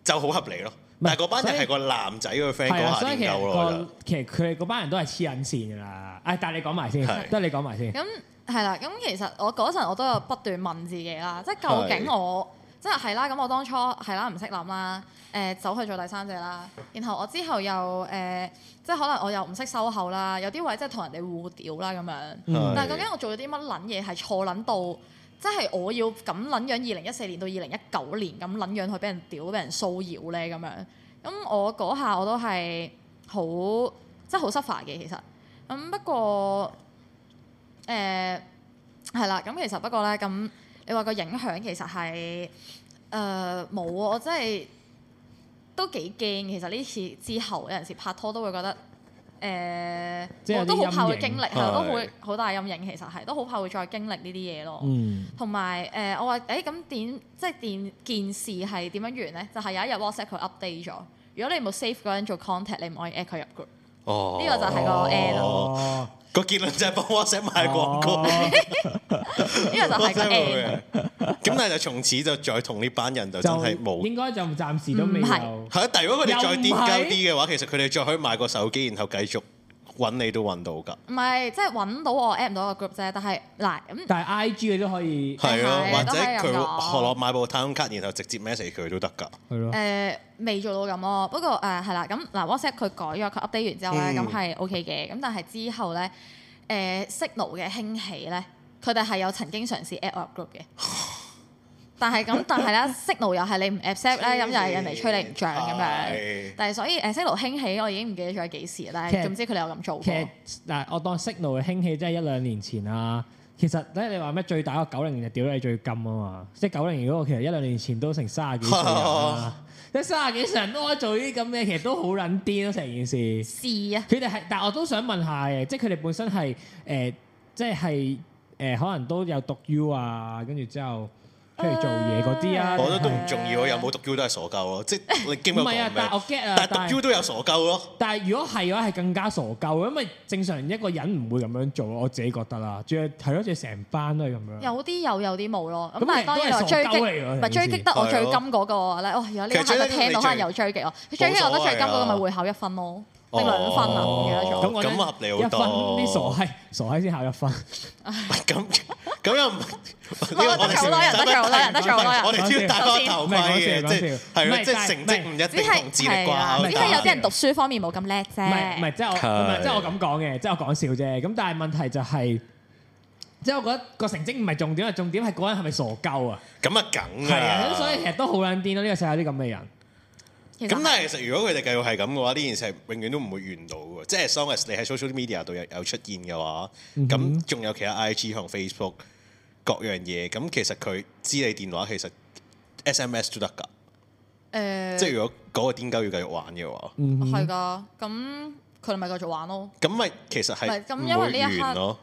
[SPEAKER 2] 就好合理咯。但係個班人係個男仔嘅 friend，所以其實個
[SPEAKER 1] 其實佢哋嗰班人都係黐緊線㗎啦。誒，但係你講埋先，都係你講埋先。咁
[SPEAKER 3] 係啦，咁其實我嗰陣我都有不斷問自己啦，即係究竟我。即係係啦，咁我當初係啦唔識諗啦，誒、呃、走去做第三者啦。然後我之後又誒、呃，即係可能我又唔識收口啦，有啲位即係同人哋互屌啦咁樣。但係究竟我做咗啲乜撚嘢係錯撚到，即係我要咁撚樣二零一四年到二零一九年咁撚樣去俾人屌俾人騷擾咧咁樣？咁我嗰下我都係好即係好失法嘅其實。咁、嗯、不過誒係啦，咁、呃、其實不過咧咁。你話個影響其實係誒冇啊！我真係都幾驚。其實呢次之後有陣時拍拖都會覺得誒，呃、我都好怕會經歷，的都好會好大陰影。其實係都好怕會再經歷呢啲嘢咯。同埋誒，我、欸、話誒，咁點即係電件事係點樣完咧？就係、是、有一日 WhatsApp 佢 update 咗，如果你冇 save 嗰人做 contact，你唔可以 add 佢入 group。
[SPEAKER 2] 呢、哦、個就係個 air 咯，個、哦、結論就係幫 WhatsApp 賣廣告。
[SPEAKER 1] 呢、哦、 個就係咁。
[SPEAKER 2] 但係就從此就再同呢班人就真係冇，
[SPEAKER 1] 應該就暫時都未有。係是，但如果佢哋再癲鳩啲
[SPEAKER 2] 嘅話，其實佢哋再可以買個手機，然後繼續。揾你都揾到㗎，唔係
[SPEAKER 3] 即係揾到我 at 唔到個 group 啫。但係嗱咁，
[SPEAKER 1] 但係 IG 你對或者 都可以，係
[SPEAKER 2] 咯，或者佢學我買部太空卡，然後直接 message 佢都得㗎。係咯了，
[SPEAKER 3] 誒未、呃、做到咁咯。不過誒係啦，咁、呃、嗱 WhatsApp 佢改咗，佢 update 完之後咧，咁係、嗯、OK 嘅。咁但係之後咧，誒、呃、signal 嘅興起咧，佢哋係有曾經嘗試 at 我 group 嘅。 但係咁，但係咧，signal 又係你唔 accept 咧，咁就係人哋吹你唔漲咁樣。但係所以，signal 興起，我已經唔記得咗幾時啦。總之佢哋有咁做。嘅。
[SPEAKER 1] 但嗱，我當 signal 嘅興起即係一兩年前啊。其實咧，你話咩最大個九零年就屌你最金啊嘛。即係九零年嗰個，其實一兩年前都成卅幾歲人即係卅幾歲人都可以做呢啲咁嘅，其實都好撚癲咯成件事。是啊。佢哋係，但係我都想問下嘅，即係佢哋本身係誒，即係誒，可能都有讀 U 啊，跟住之後。譬如做嘢嗰啲啊，我覺得都唔重
[SPEAKER 2] 要啊！有冇讀 Q 都係傻鳩咯，即係你唔係啊？但係我 get 啊！但係讀 Q 都有傻鳩咯。
[SPEAKER 1] 但係如果係嘅話，係更加傻鳩，因為正常一個人唔會咁樣做。我自己覺得啦，仲要係咯，仲要成班都係咁樣。
[SPEAKER 3] 有啲有，有啲冇咯。咁係當然傻鳩嚟咪追擊得我最金嗰個咧？哦，如果呢排都聽到可能有追擊佢追擊我得最金嗰個咪會考一分咯。
[SPEAKER 1] 得兩分啊！咁合理一分啲傻閪，傻閪先考一分。咁
[SPEAKER 2] 咁又唔得？我哋好多人都做，多人得做，多人。我哋超多頭盔嘅，即係係咯，即係成績唔一定唔自然啩？只係有啲人
[SPEAKER 3] 讀書方面冇咁叻啫。唔係，
[SPEAKER 1] 即係我唔係，即係我咁講嘅，即係我講笑啫。咁但係問題就係，即係我覺得個成績唔係重點，重點係嗰個人係咪傻鳩啊？
[SPEAKER 2] 咁啊梗啊！係啊，所以
[SPEAKER 1] 其實都好撚癲咯。呢個世界啲咁嘅人。
[SPEAKER 2] 咁但係其實如果佢哋繼續係咁嘅話，呢件事係永遠都唔會完到嘅。即係，as long as 你喺 social media 度有出現嘅話，咁仲、嗯、哼有其他 IG、同 Facebook 各樣嘢。咁其實佢知你電話，其實 SMS 都得噶。
[SPEAKER 3] 誒、呃，即係如果
[SPEAKER 2] 嗰個癲鳩要繼續玩嘅話，嗯哼，係
[SPEAKER 3] 噶。咁佢哋咪繼續玩咯。
[SPEAKER 2] 咁咪其實係唔會完咯。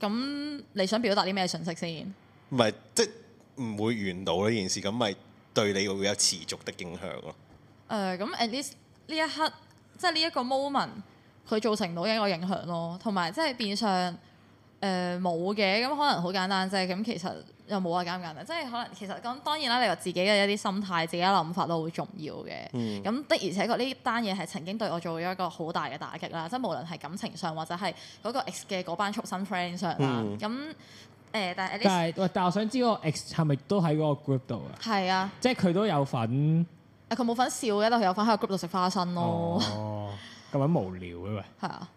[SPEAKER 3] 咁你想表達啲咩信息先？
[SPEAKER 2] 唔係，即係唔會完到呢件事。咁咪對你會有持續的影響咯。
[SPEAKER 3] 誒咁、uh, at least 呢一刻，即係呢一個 moment，佢造成到一個影響咯。同埋即係變相誒冇嘅，咁、呃、可能好簡單啫。咁其實又冇話簡唔簡單，即係可能其實咁當然啦。你話自己嘅一啲心態、自己嘅諗法都好重要嘅。咁、嗯、的而且確呢單嘢係曾經對我做咗一個好大嘅打擊啦。即係無論係感情上或者係嗰個 ex 嘅嗰班畜生 friend 上啦。咁誒、嗯呃，但係 at least，但
[SPEAKER 1] 係但係我想知嗰個 ex 係咪都喺嗰個 group 度是啊？
[SPEAKER 3] 係啊，
[SPEAKER 1] 即係佢都有份。
[SPEAKER 3] 誒佢冇份笑嘅、哦啊，但係佢有份喺、嗯、個 group 度食花生咯。哦，
[SPEAKER 1] 咁樣無聊嘅喂。係啊。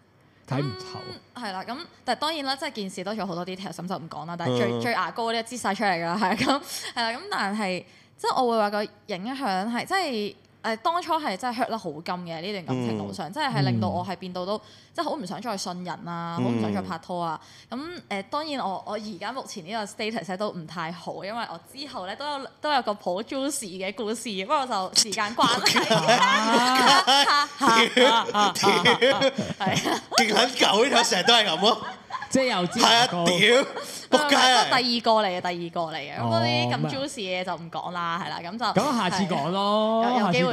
[SPEAKER 1] 睇唔透。
[SPEAKER 3] 係啦、啊，咁但係當然啦，即係件事多咗好多 detail，咁就唔講啦。但係最最牙膏呢一支晒出嚟㗎啦，係啊，咁係啦，咁但係即係我會話個影響係即係。誒當初係真係 hurt 得好金嘅呢段感情路上，真係係令到我係變到都，即係好唔想再信人啦，好唔想再拍拖啊。咁誒當然我我而家目前呢個 status 都唔太好，因為我之後咧都有都有個好 juicy 嘅故事，不過就時間關係。屌，
[SPEAKER 2] 係啊，勁很久成日都係咁咯，即係又知。係啊，屌，仆街第
[SPEAKER 3] 二個嚟嘅，第二個嚟嘅，咁嗰啲咁 juicy 嘅嘢就唔講啦，係啦，咁就咁下
[SPEAKER 1] 次講咯，有機會。哦、再講
[SPEAKER 3] 咁樣啦，咁、嗯嗯，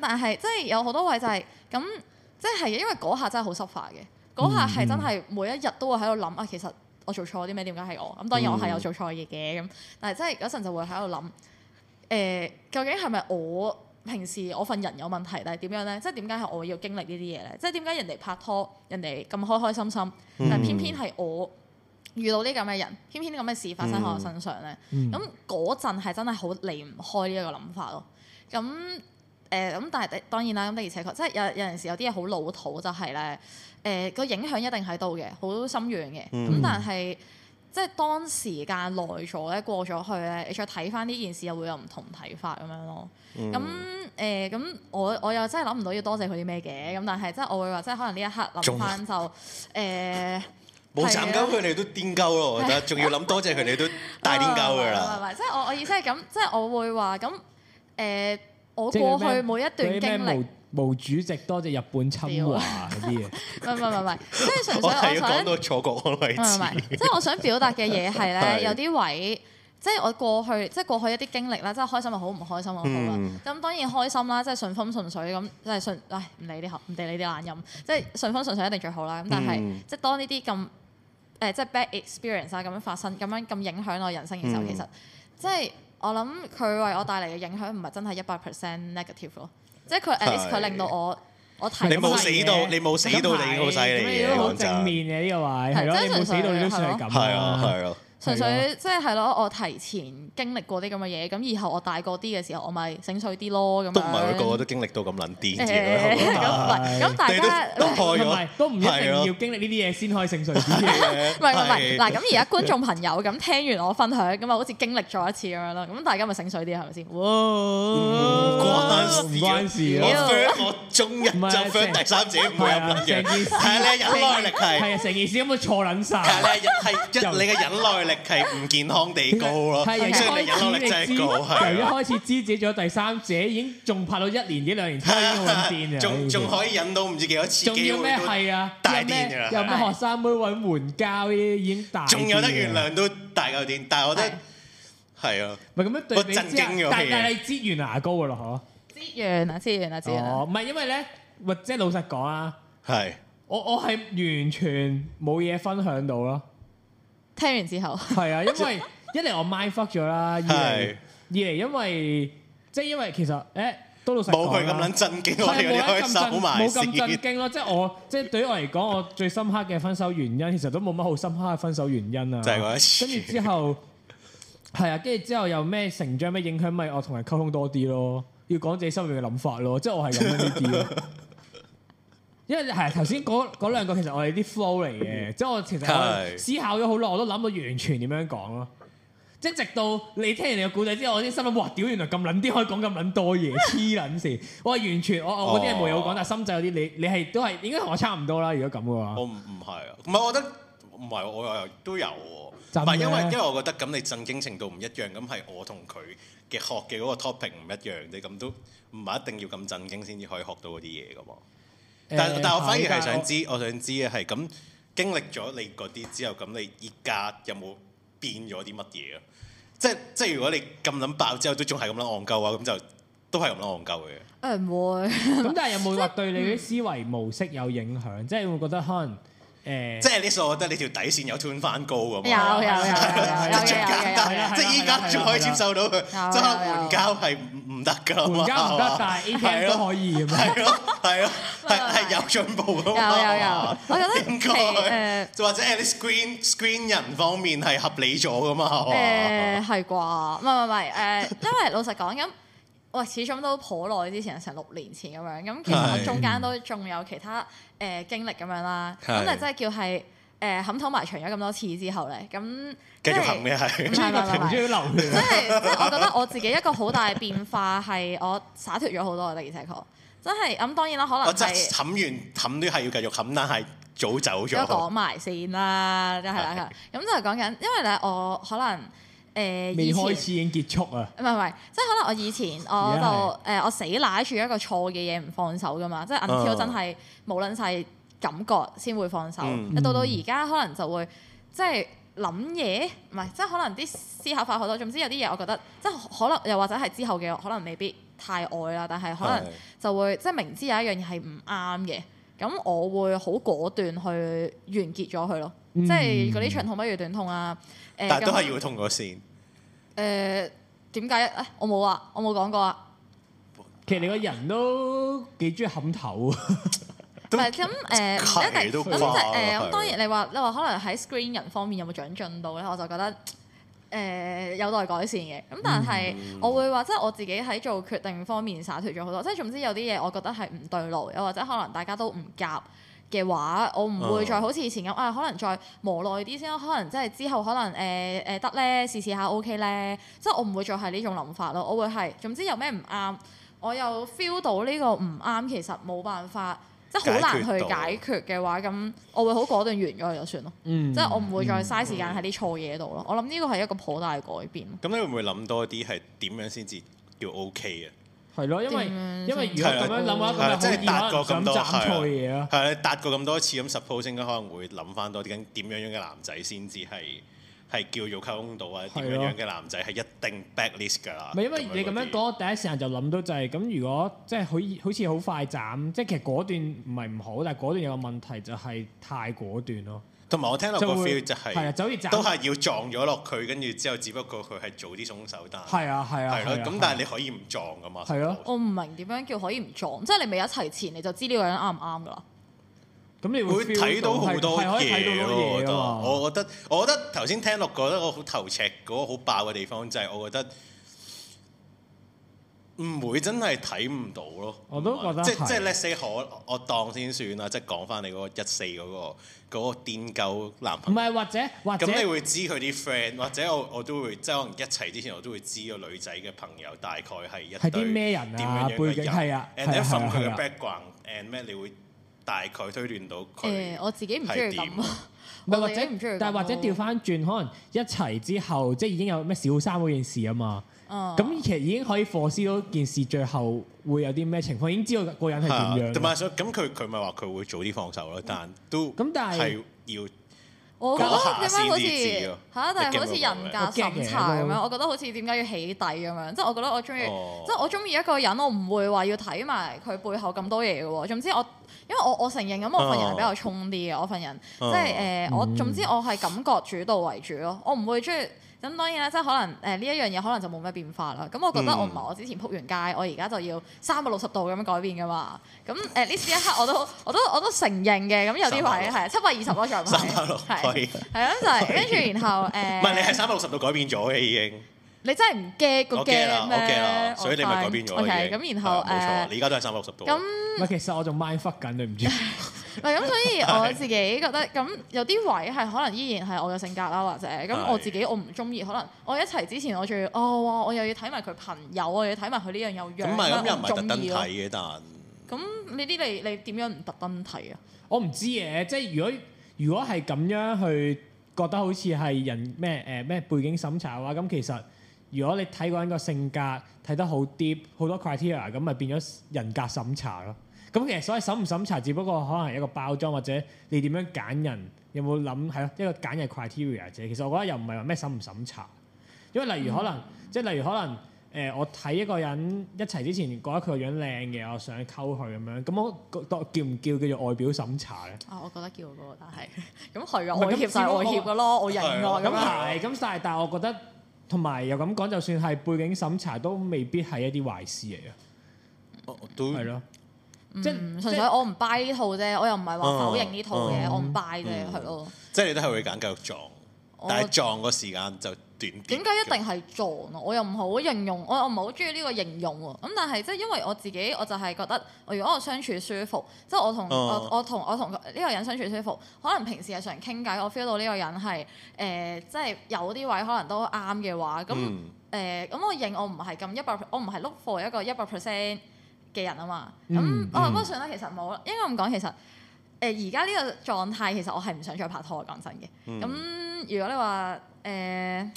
[SPEAKER 3] 但係即係有好多位就係、是、咁，即係因為嗰下真係好濕化嘅，嗰下係真係每一日都會喺度諗啊，其實我做錯啲咩？點解係我？咁當然我係有做錯嘢嘅咁，嗯、但係即係有陣就會喺度諗，誒、呃、究竟係咪我平時我份人有問題咧？點樣咧？即係點解係我要經歷呢啲嘢咧？即係點解人哋拍拖人哋咁開開心心，但係偏偏係我？嗯遇到呢咁嘅人，偏偏啲咁嘅事發生喺我身上咧，咁嗰陣係真係好離唔開呢一個諗法咯。咁誒咁，但係當然啦，咁的而且確即係有有陣時有啲嘢好老土就係、是、咧，誒、呃、個影響一定喺度嘅，好深遠嘅。咁、嗯、但係即係當時間耐咗咧，過咗去咧，你再睇翻呢件事又會有唔同睇法咁樣咯。咁誒咁，我我又真係諗唔到要多謝佢啲咩嘅。咁但係即係我會話，即係可能呢一刻諗翻中了 就誒。呃 冇斬鳩佢
[SPEAKER 2] 哋都癲鳩咯，我覺得，仲要諗多謝佢哋都大癲鳩㗎啦。唔係
[SPEAKER 3] 唔係，即係我我意思係咁，即係我會話咁誒，我過去每一段經歷，
[SPEAKER 1] 毛主席多謝日本侵華嗰啲嘢，唔係
[SPEAKER 3] 唔係，即係純粹我想講到
[SPEAKER 1] 錯覺我位置。即係我想表達嘅嘢係咧，對 有啲
[SPEAKER 3] 位。即係我過去，即係過去一啲經歷啦，即係開心又好，唔開心又好啦。咁當然開心啦，即係順風順水咁，即係順，唉唔理啲學，唔理理啲懶音，即係順風順水一定最好啦。咁但係即係當呢啲咁誒即係 bad experience 啊咁樣發生，咁樣咁影響我人生嘅時候，其實即係我諗佢為我帶嚟嘅影響唔係真係一百 percent negative 咯。即係佢 at least 佢令到我我睇
[SPEAKER 1] 你冇死到，你冇死到你好犀利嘅，講真。正面嘅呢個位係咯，死到都算係咁，係啊係啊。
[SPEAKER 2] 純粹
[SPEAKER 3] 即係係咯，我提前經歷過啲咁嘅嘢，咁以後我大個啲嘅時候，我咪醒水啲咯咁樣。都唔係佢個個都
[SPEAKER 2] 經歷到咁撚癲嘅。咁唔係，咁大家都唔係都唔一定要經歷呢啲嘢先可以醒水啲嘅。唔係唔係，
[SPEAKER 3] 嗱咁而家觀眾朋友咁聽完我分享咁啊，好似經歷咗一次咁樣咯。咁大家咪醒水啲係咪
[SPEAKER 2] 先？唔關事，唔關事咯。我中一就翻第三節冇入緊嘅，係你忍耐力係啊，
[SPEAKER 1] 成件事咁咪錯撚曬。係
[SPEAKER 2] 一你嘅忍耐力係唔健康地高咯，即係開始知由一開
[SPEAKER 1] 始知自己做咗第三者，已經仲拍到一年、一兩年，大癲啊，仲仲可以
[SPEAKER 2] 忍到唔知幾多次，仲要咩係啊？大癲啊！有冇學
[SPEAKER 1] 生妹揾援交啲已經大，仲有得原諒
[SPEAKER 2] 都大嚿癲，但係我覺得係啊，咪咁樣對比啫。但係你
[SPEAKER 1] 擠完牙膏嘅咯嗬？擠完啦，擠完啦，擠完。哦，唔係因為咧，或即係老實講啊，係我我係完全冇嘢分享到咯。聽完之後，係啊，因為一嚟我 mind fuck 咗啦， 二嚟二嚟因為即係因為其實誒、欸，都老實講冇佢咁捻震驚對，冇咁震驚，冇咁震驚咯， 即係我即係對於我嚟講，我最深刻嘅分手原因，其實都冇乜好深刻嘅分手原因啊，就嗰一次跟住之後係啊，跟住之後有咩成長咩影響，咪我同佢溝通多啲咯，要講自己心裏嘅諗法咯，即係我係咁樣呢啲咯。因為係頭先嗰嗰兩個其實我哋啲 flow 嚟嘅， 即係我其實思考咗好耐，我都諗到完全點樣講咯。即係直到你聽完個故仔之後，我啲心諗哇，屌原來咁撚啲可以講咁撚多嘢，黐撚線！我係完全我我啲係冇嘢好講，哦、但係心仔嗰啲你你係都係應該同我差唔多啦。如果咁嘅話，我唔唔係啊，唔係
[SPEAKER 2] 我覺得唔係我又都有，唔係因為因為我覺得咁你震驚程度唔一樣，咁係我同佢嘅學嘅嗰個 topic 唔一樣，你咁都唔係一定要咁震驚先至可以學到嗰啲嘢嘅喎。但、欸、但我反而係想知，欸、我想知嘅係咁經歷咗你嗰啲之後，咁你而家有冇變咗啲乜嘢啊？即係即係如果你咁諗爆之後都仲係咁樣戇鳩啊，咁就都係咁樣戇鳩嘅。誒，
[SPEAKER 1] 唔會。咁 但係有冇話對你啲思維模式有影響？嗯、即係會覺得可能？
[SPEAKER 2] 誒，即係呢？所以我覺得你條底線有 turn 翻高嘅喎。有有有有有。有有即係長假，即係依家仲可以接受到佢。即係援交係唔得㗎嘛。援交唔得，但係 inter 都可以㗎係咯，係咯了，係係 有進步㗎有有有。我覺得應該或者啲 screen screen 人方面係合理咗㗎嘛。誒
[SPEAKER 3] 係啩？唔係唔係誒，因、嗯、為老實講咁。喂，始終都頗耐之前，成六年前咁樣。咁其實我中間都仲有其他誒經歷咁樣啦。咁誒真係叫係誒冚頭埋牆咗咁多次之後咧，咁即係唔中
[SPEAKER 1] 意流血。即係即係
[SPEAKER 3] 我覺得我自己一個好大嘅變化係我灑脱咗好多的。而且確真係咁、嗯，當然啦，可能我即係
[SPEAKER 2] 冚完冚都係要繼續冚，但係早走咗。講
[SPEAKER 3] 埋先啦，係啦係。咁就係講緊，因為咧我可能。呃、未開始已經結束啊！唔係唔係，即係可能我以前我就誒、呃、我死賴住一個錯嘅嘢唔放手㗎嘛，嗯、即係銀條真係冇撚晒感覺先會放手。嗯、到到而家可能就會即係諗嘢，唔係即係可能啲思考法好多。總之有啲嘢我覺得即係可能又或者係之後嘅可能未必太愛啦，但係可能就會是即係明知有一樣嘢係唔啱嘅，咁我會好果斷去完結咗佢咯。嗯、即係嗰啲長痛不如短痛啊！誒、呃，但都係要痛過先。誒點解？我冇啊，我冇講過啊。
[SPEAKER 1] 其實你個人都幾中意冚頭
[SPEAKER 3] 唔咁誒，呃、 一定。咁誒， 當然你話你話可能喺 screen 人方面有冇長進度咧，我就覺得誒、呃、有待改善嘅。咁但係我會話，即係我自己喺做決定方面灑脱咗好多。即係總之有啲嘢我覺得係唔對路，又或者可能大家都唔夾，嘅話，我唔會再好似以前咁啊，可能再磨耐啲先咯。可能即係之後可能誒誒得咧，試試下 OK 咧。即係我唔會再係呢種諗法咯。我會係總之有咩唔啱，我有 feel 到呢個唔啱，其實冇辦法，即係好難去解決嘅話，咁我會好果斷完咗佢就算咯。嗯、即係我唔會再嘥時間喺啲錯嘢度咯。我諗呢個係一個頗大改變。咁、
[SPEAKER 2] 嗯嗯嗯、你會唔會諗多啲係點樣先至叫 OK 啊？
[SPEAKER 1] 係咯，因為、嗯、因為如果咁樣諗嘅話，咁了就真係搭過咁多錯嘢咯。
[SPEAKER 2] 係，搭過咁多次咁，suppose 應該可能會諗翻多啲緊點樣樣嘅男仔先至係係叫做溝通到啊？點樣樣嘅男仔係一定 backlist 㗎啦。唔係了樣因為你咁樣
[SPEAKER 1] 講，我第一時間就諗到就係、是、咁。如果即係、就是、好好似好快斬，即、就、係、是、其實果段唔係唔好，但係果段有個問題就係太果斷咯。同埋我聽落個 feel 就係、係，就會都係
[SPEAKER 2] 要撞咗落佢，跟住之後，只不過佢係早啲鬆手單。係啊係啊，係咯、啊。咁、啊啊、但係你可以唔撞噶嘛？係咯、
[SPEAKER 3] 啊。時我唔明點樣叫可以唔撞？即係、啊、你未一齊前，你就知呢個人啱唔啱噶啦？
[SPEAKER 1] 咁你
[SPEAKER 2] 會睇到好多嘢咯。我覺得，我覺得，我覺得我頭先聽落覺得我好頭赤、嗰個好爆嘅地方就係、係、我覺得。唔會，真係睇唔到咯。我
[SPEAKER 1] 都覺得，
[SPEAKER 2] 即即 let's say 好，我當先算啦。即講翻你嗰個一四嗰個嗰個癲狗男朋友。
[SPEAKER 1] 唔係，或者或者咁，你會
[SPEAKER 2] 知佢啲 friend，或者我我都會即可能一齊之前，我都會知個女仔嘅朋友大概係一係啲咩人啊？點樣樣背景係啊，佢啊，background and 咩？你會大概推斷到佢？我自己唔中意講，唔
[SPEAKER 3] 係或者唔知。但係或者調翻
[SPEAKER 1] 轉，可能一齊之後即已經有咩小三嗰件事啊嘛。咁其實已經可以 foresee 到件事最後會有啲咩情況，已經知道個人係點樣。同埋
[SPEAKER 2] 咁佢佢咪話佢會早啲放手咯？但都咁，但係要我覺得點解好似嚇，但係好似人格審查咁樣，我覺
[SPEAKER 3] 得好似點解要起底咁樣？即係我覺得我中意，即係我中意一個人，我唔會話要睇埋佢背後咁多嘢嘅喎。總之我因為我我承認咁，我份人係比較衝啲嘅，我份人即係誒，我總之我係感覺主導為主咯，我唔會中意。咁當然啦，即係可能誒呢一樣嘢可能就冇乜變化啦。咁我覺得我唔係我之前撲完街，我而家就要三百六十度咁樣改變噶嘛。咁誒呢時一刻我都我都我都承認嘅。咁有啲位係七百二十多左右，係係咯，就係跟住然後誒，
[SPEAKER 2] 唔係你係三百六十度改變咗嘅已經。
[SPEAKER 3] 你真係唔驚個 game 所以你咪
[SPEAKER 2] 改變咗嘅。咁
[SPEAKER 3] 然後誒，冇錯，你而家都係三百六
[SPEAKER 1] 十度。咁其實我仲 mind fuck 緊你唔知？
[SPEAKER 3] 唔係咁，所以我自己覺得咁有啲位係可能依然係我嘅性格啦，或者咁我自己我唔中意，可能我一齊之前我仲要、哦、哇，我又要睇埋佢朋友我又要睇埋佢呢樣又樣啦，唔係咁又唔係特登睇嘅，但咁你啲你你點樣唔特
[SPEAKER 1] 登睇啊？我唔知嘅，即係如果如果係咁樣去覺得好似係人咩誒咩背景審查嘅話，咁其實如果你睇嗰個人嘅性格睇得好 deep 好多 criteria，咁咪變咗人格審查咯。咁其實所謂審唔審查，只不過可能係一個包裝，或者你點樣揀人，有冇諗係咯？一個揀嘅 criteria 啫。其實我覺得又唔係話咩審唔審查，因為例如可能，即係、嗯、例如可能誒，嗯、我睇一個人一齊之前覺得佢個樣靚嘅，我想溝佢咁樣。咁我當叫唔叫叫做外表審查咧？
[SPEAKER 3] 啊，我覺得叫嘅喎，但係咁係嘅，我協晒外協嘅咯，我仁
[SPEAKER 1] 愛咁。係咁曬，但係、嗯 uh，就是就是、我，我，我覺得同埋又咁講，就算係背景審查，都未
[SPEAKER 2] 必係一啲壞事嚟嘅。係咯。寐寐寐寐
[SPEAKER 3] 嗯、即係純粹我唔 buy 呢套啫，嗯、我又唔係話否認呢套嘢，嗯、我唔 buy 啫，係咯、嗯。
[SPEAKER 2] 的即係你都係會揀繼續撞，我但係撞個時間就短啲。點解一定係
[SPEAKER 3] 撞啊？我又唔好形容，我我唔好中意呢個形容喎。咁但係即係因為我自己，我就係覺得，如果我相處舒服，即係我同、嗯、我同我同呢個人相處舒服，可能平時日常傾偈，我 feel 到呢個人係誒、呃，即係有啲位可能都啱嘅話，咁誒咁我認我唔係咁一百，我唔係 look for 一個一百 percent 嘅人啊嘛，咁、嗯、啊不過算啦，其實冇，應該咁講其實，誒而家呢個狀態其實我係唔想再拍拖啊，講真嘅。咁、嗯、如果你話誒，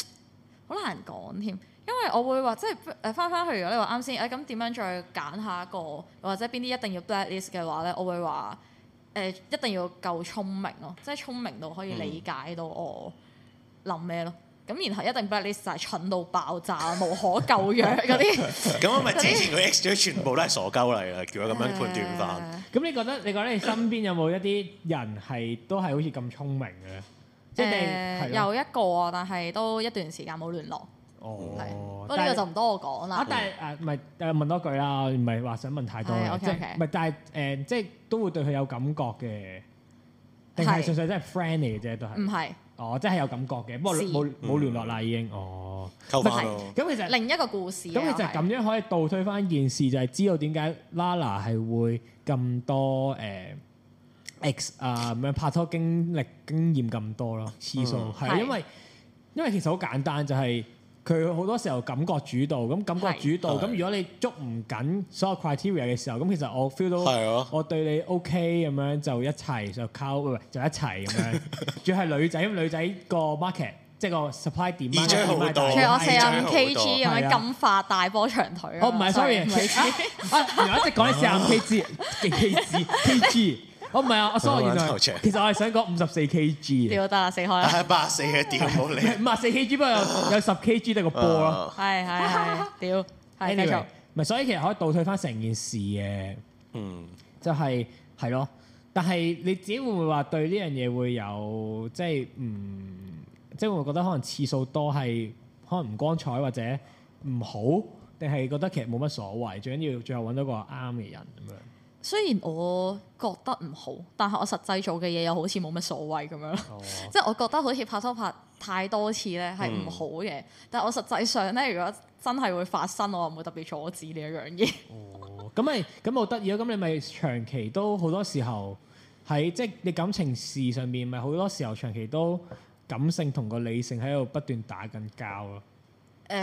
[SPEAKER 3] 好、呃、難講添，因為我會話即係誒翻返去，如果你話啱先，誒咁點樣再揀下一個或者邊啲一定要 blacklist 嘅話咧，我會話誒、呃、一定要夠聰明咯，即係聰明到可以理解到我諗咩咯。嗯。咁然後一定俾你曬蠢到爆炸，無可救藥嗰啲。
[SPEAKER 2] 咁咪之前佢 ex 全部都係傻鳩嚟嘅，叫佢咁樣判斷翻。
[SPEAKER 1] 咁你覺得你覺得你身邊有冇一啲人係都係好似咁聰明嘅咧？誒有
[SPEAKER 3] 一個啊，但係都一段時間冇聯絡。
[SPEAKER 1] 哦，不過呢個
[SPEAKER 3] 就唔多好講啦。啊，但
[SPEAKER 1] 係誒，唔係誒，問多句啦，唔係話想問太多。O K，唔係，但係誒，即係都會對佢有感覺嘅，
[SPEAKER 3] 定係純
[SPEAKER 1] 粹真係 friend 嚟嘅啫，都係。唔係。哦，即係有感覺嘅，不過冇冇聯絡啦、嗯、已經，哦，
[SPEAKER 3] 咁其實另一個故事。咁其實咁
[SPEAKER 1] 樣可以倒推翻件事，就係、是、知道點解 Lala 係會咁多誒、呃、X 啊咁樣拍拖經歷經驗咁多咯次數，係、嗯、是因為因為其實好簡單，就係、是。佢好多時候感覺主導，咁感覺主導，咁如果你捉唔緊所有 criteria 嘅時候，咁其實我 feel 到我對你 OK 咁樣就一齊就溝就一齊咁樣。仲係女仔，咁女仔個 market 即係個 supply demand，我四十五 kg 咁樣金
[SPEAKER 3] 髮大波長
[SPEAKER 1] 腿。哦，唔係，sorry，我一直講緊四十五 kg 唔係 g PG 我唔係啊，所以我 sorry，原來其實我係想講五十四 kg。屌得啦，四開。係八四嘅屌你，五十四 kg 不過有，啊、有十 kg 得個波咯屌，係係係，屌，繼續。咪所以其實可以倒退翻成件事嘅，嗯就係就係，嗯，就係係咯。但係你自己會唔會話對呢樣嘢會有即係唔即會唔會覺得可能次數多係可能唔光彩或者唔好，定係覺得其實冇乜所謂，最緊要最後揾到個啱嘅人咁樣。
[SPEAKER 3] 雖然我覺得唔好，但係我實際做嘅嘢又好似冇乜所謂咁樣咯。即 係、哦、我覺得好似拍拖拍太多次咧係唔好嘅，嗯、但係我實際上咧，如果真係會發生，我又唔會特別阻止呢一樣嘢。哦，
[SPEAKER 1] 咁咪咁我得意咯！咁你咪長期都好多時候喺即係你感情事上面咪好多時候長期都感性同個理性喺度不斷打緊交咯。
[SPEAKER 3] 誒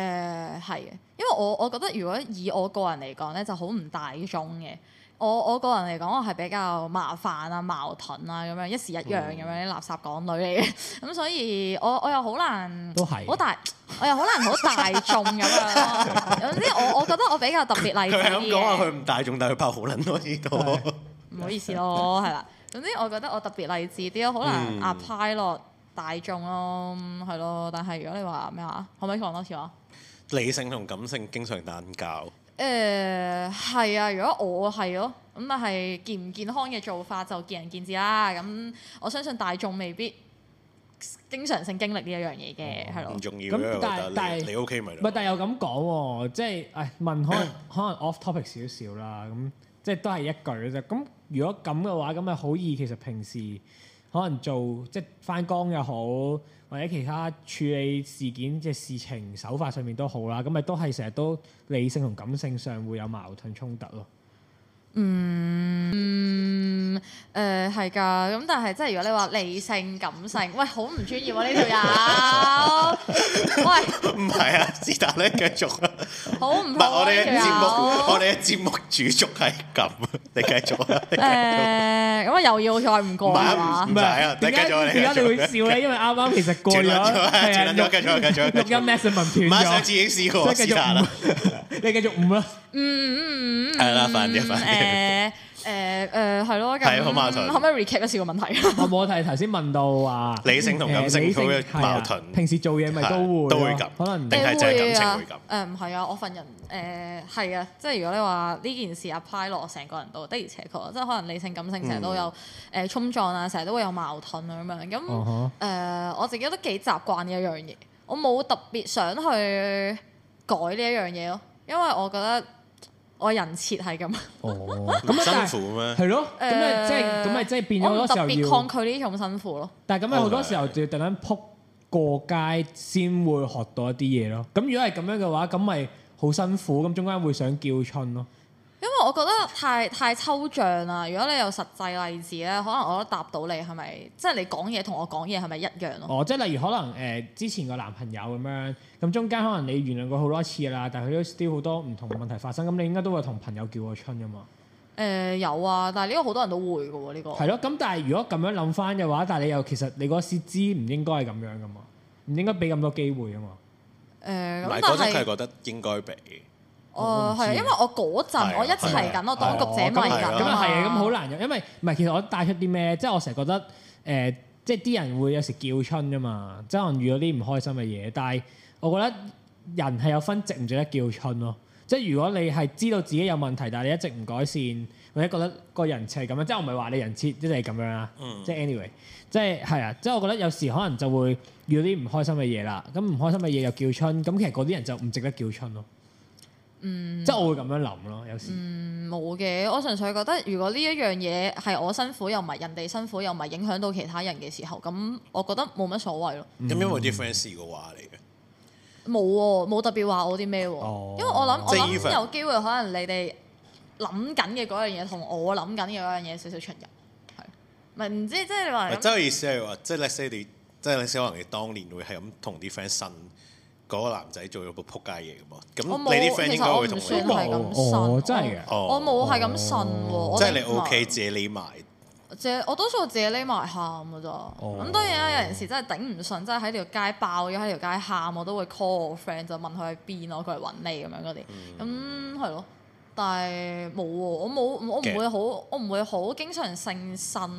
[SPEAKER 3] 係嘅，因為我我覺得如果以我個人嚟講咧，就好唔大眾嘅。我我個人嚟講，我係比較麻煩啊、矛盾啊咁樣，一時一樣咁樣，啲垃圾港女嚟嘅，咁、嗯、所以我我又好難，都係好大，我又好難好大眾咁樣。總之我我覺得我比較特別勵志。佢想講話佢唔
[SPEAKER 2] 大眾，但佢拍好撚多呢個。
[SPEAKER 3] 唔對 好意思咯，係啦。總之我覺得我特別勵志啲咯，好難壓派落大眾咯，係咯、嗯。但係如果你話咩話，可唔可以講多次話？
[SPEAKER 2] 理性同感性經常打架。
[SPEAKER 3] 誒係、uh, 啊，如果我係咯，咁但係健唔健康嘅做法就見仁見智啦。咁我相信大眾未必經常性經歷呢
[SPEAKER 1] 一樣嘢嘅，係咯、哦。唔、啊、重要但啊，但係你 OK 咪唔係，但係又咁講喎，即係問可能 可能 off topic 少少，少啦。咁即係都係一句嘅啫。咁如果咁嘅話，咁咪好易。其實平時可能做即係返工又好。或者其他處理事件嘅事情手法上面都好啦，咁咪都係成日都理性同感性上會有矛盾衝突囉。
[SPEAKER 3] 嗯誒係㗎，咁但係即係如果你話理性感性，喂好唔專業喎呢條友。
[SPEAKER 2] 喂唔係啊，是但咧繼續啊。好唔好？唔係我哋嘅節目，我哋嘅節目主軸係咁，你繼續。誒
[SPEAKER 3] 咁啊又要再五個係嘛？唔係啊，點解點解你會笑咧？因為啱啱其實過咗。轉兩
[SPEAKER 1] 張，轉兩張，繼續，繼續。
[SPEAKER 2] 錄音 message 問條友。馬上自己試過，試下啦。
[SPEAKER 1] 你繼續
[SPEAKER 2] 五啦。嗯嗯嗯。係啦，煩啲啊，煩。
[SPEAKER 3] 誒誒誒，係咯、呃，係啊，好、呃、矛盾。可唔可以 recap 一次個問題？我
[SPEAKER 1] 冇係頭先問到話理性同感性嘅矛盾。平時做嘢咪都會、啊、都會咁，可能定係就係感
[SPEAKER 3] 性會咁。誒、啊，係、呃、啊，我份人誒係、呃、啊，即係如果你話呢件事 apply 落成個人度的而且確，即係可能理性、感性成日都有誒衝撞啊，成日、嗯呃、都會有矛盾啊咁樣。咁、嗯、誒、呃，我自己都幾習慣呢一樣嘢，我冇特別想去改呢一樣嘢咯，因為我覺得。我人設係咁，
[SPEAKER 1] 咁 是辛苦咩？係咯，咁咪即係咁咪即係變咗好多時候要抗拒
[SPEAKER 3] 呢種辛苦咯。
[SPEAKER 1] 但係咁咪好多時候就要突然間撲過街先會學到一啲嘢咯。咁 Okay. 如果係咁樣嘅話，咁咪好辛苦，咁中間會想叫春咯。
[SPEAKER 3] 因為我覺得太太抽象啦，如果你有實際例子咧，可能我都答到你係咪？即係、就是、你講嘢同我講嘢係咪一樣咯？
[SPEAKER 1] 哦，即係例如可能誒、呃、之前個男朋友咁樣，咁中間可能你原諒過好多次啦，但係佢都 still 好多唔同問題發生，咁你應該都會同朋友叫個春㗎嘛？
[SPEAKER 3] 誒、呃、有啊，但係呢個好多人都會嘅喎，呢、這個係咯。
[SPEAKER 1] 咁但係如果咁樣諗翻嘅話，但係你又其實你個設置唔應該係咁樣嘅嘛？唔應該俾咁多機會啊嘛？誒、呃，嗱、就是，嗰種係覺
[SPEAKER 2] 得應該俾。
[SPEAKER 3] 誒係、哦，因為我嗰陣我一齊緊，的我當局者著迷㗎。咁
[SPEAKER 1] 啊咁好
[SPEAKER 2] 難嘅，因為唔係其
[SPEAKER 1] 實我帶出啲咩即係我成日覺得誒，即係啲人會有時叫春㗎嘛，即係可能遇到啲唔開心嘅嘢。但係我覺得人係有分值唔值得叫春咯、啊。即、就、係、是、如果你係知道自己有問題，但係你一直唔改善，或者覺得個人設係咁樣，即、就、係、是、我唔係話你人設一定係咁樣啊，即係 anyway，即係係啊，即係、就是、我覺得有時可能就會遇到啲唔開心嘅嘢啦。咁唔開心嘅嘢又叫春，咁其實嗰啲人就唔值得叫春咯、啊。嗯，即係我會咁樣諗咯，有時。
[SPEAKER 3] 嗯，冇嘅，我純粹覺得如果呢一樣嘢係我辛苦，又唔係人哋辛苦，又唔係影響到其他人嘅時候，咁我覺得冇乜所謂咯。
[SPEAKER 2] 咁因為啲 friend 試過話嚟
[SPEAKER 3] 嘅，冇喎、嗯，冇、哦、特別話我啲咩喎。因為我諗，
[SPEAKER 2] 哦、我諗有
[SPEAKER 3] 機會可能你哋諗緊嘅嗰樣嘢，同我諗緊嘅嗰樣嘢少少出入，係咪唔知？即係你話，即係
[SPEAKER 2] 意思係話，即係 let's say 你，即係 let's say 可能你當年會係咁同啲 friend 呻。嗰個男仔做咗個撲街嘢嘅，咁你啲 friend 應該會同你講。信哦，真係嘅。我
[SPEAKER 3] 冇係咁信。哦、即係你 OK，
[SPEAKER 2] 自己匿埋。
[SPEAKER 3] 即係我多數自己匿埋喊嘅咋。
[SPEAKER 2] 咁、哦、當然啦，有陣
[SPEAKER 3] 時真係頂唔順，真係喺條街爆咗，喺條街喊，我都會 call 我 friend 就問佢喺邊咯，佢嚟揾你咁樣嗰啲。咁係咯，但係冇喎，我冇我唔會好，我唔會好 Okay，經常性呻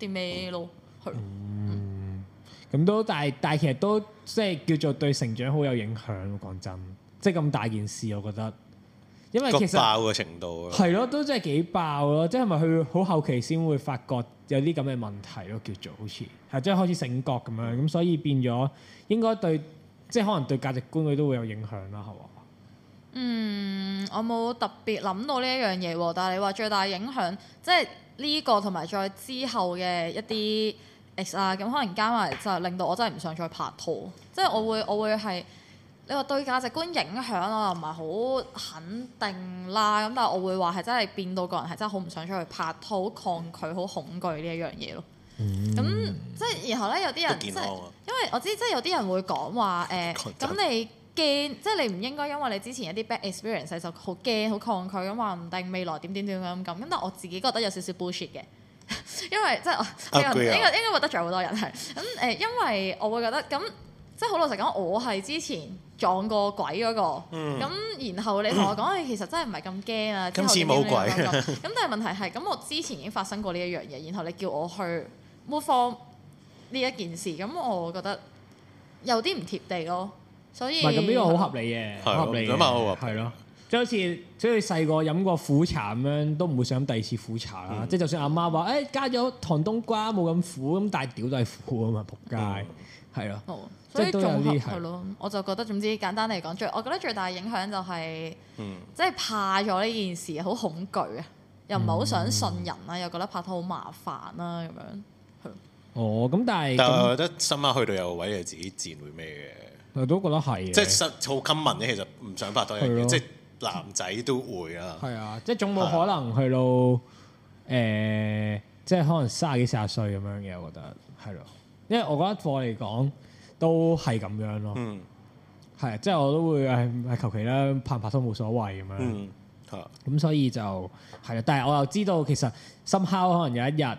[SPEAKER 3] 啲咩咯。
[SPEAKER 1] 咁都，但係但係，其實都即係叫做對成長好有影響。講真，即係咁大件事，我覺得，因為其實爆
[SPEAKER 2] 嘅程度係咯，吧吧
[SPEAKER 1] 都真係幾爆咯。即係咪佢好後期先會發覺有啲咁嘅問題咯？叫做好似係即係開始醒覺咁樣，咁所以變咗，應該對即係可能對價值觀佢都會有影響啦，係嘛？嗯，
[SPEAKER 3] 我冇特別諗到呢一樣嘢，但係你話最大影響，即係呢個同埋再之後嘅一啲。X 啊，咁可能加埋就令到我真係唔想再拍拖，即係我會我會係你話對價值觀影響啊，唔係好肯定啦。咁但係我會話係真係變到個人係真係好唔想出去拍拖，好抗拒，好恐懼呢一樣嘢咯。咁即係然後咧，有啲人即係因為我知即係有啲人會講話誒，咁你驚即係你唔應該因為你之前一啲 bad experience 就好驚好抗拒，咁話唔定未來點點點咁咁。咁但係我自己覺得有少少 bullshit 嘅。 因為即係應應該應該會得罪好多人係，咁誒，因為我會覺得咁即係好老實講，我係之前撞過鬼嗰、那個，咁、嗯、然後你同我講你、嗯、其實真係唔係咁驚啊，今次冇鬼，咁但係問題係咁， 我之前已經發生過呢一樣嘢，然後你叫我去抹放呢一件事，咁我覺得有啲唔貼地咯，所以咁呢個好合理
[SPEAKER 1] 嘅，好的合理咁啊，係咯。即係好似，即係細個飲過苦茶咁樣，都唔會想第二次苦茶啦。即係就算阿媽話，誒加咗糖冬瓜冇咁苦，咁但係屌都係苦啊嘛，仆街，係咯。所以綜合係咯。
[SPEAKER 3] 我就覺得總之簡單嚟講，最我覺得最大影響就係，即係怕咗呢件事，好恐懼啊，又唔係好想信人啦，又覺得拍拖好麻煩啦，咁樣。
[SPEAKER 1] 哦，咁但係，但係覺
[SPEAKER 2] 得心媽去到有個位你自己自然會咩
[SPEAKER 1] 嘅，我都覺得係即係實
[SPEAKER 2] 好 common 其實唔想拍多樣嘢，即係。男仔都會啊，
[SPEAKER 1] 係啊，即係總冇可能去到誒、啊呃，即係可能卅幾四十歲咁樣嘅，我覺得係咯、啊。因為我覺得我嚟講都係咁樣咯，係、嗯啊、即係我都會誒，求其啦，拍唔拍都冇所謂咁樣。嚇、嗯，咁、啊嗯、所以就係啊，但係我又知道其實深敲可能有一日，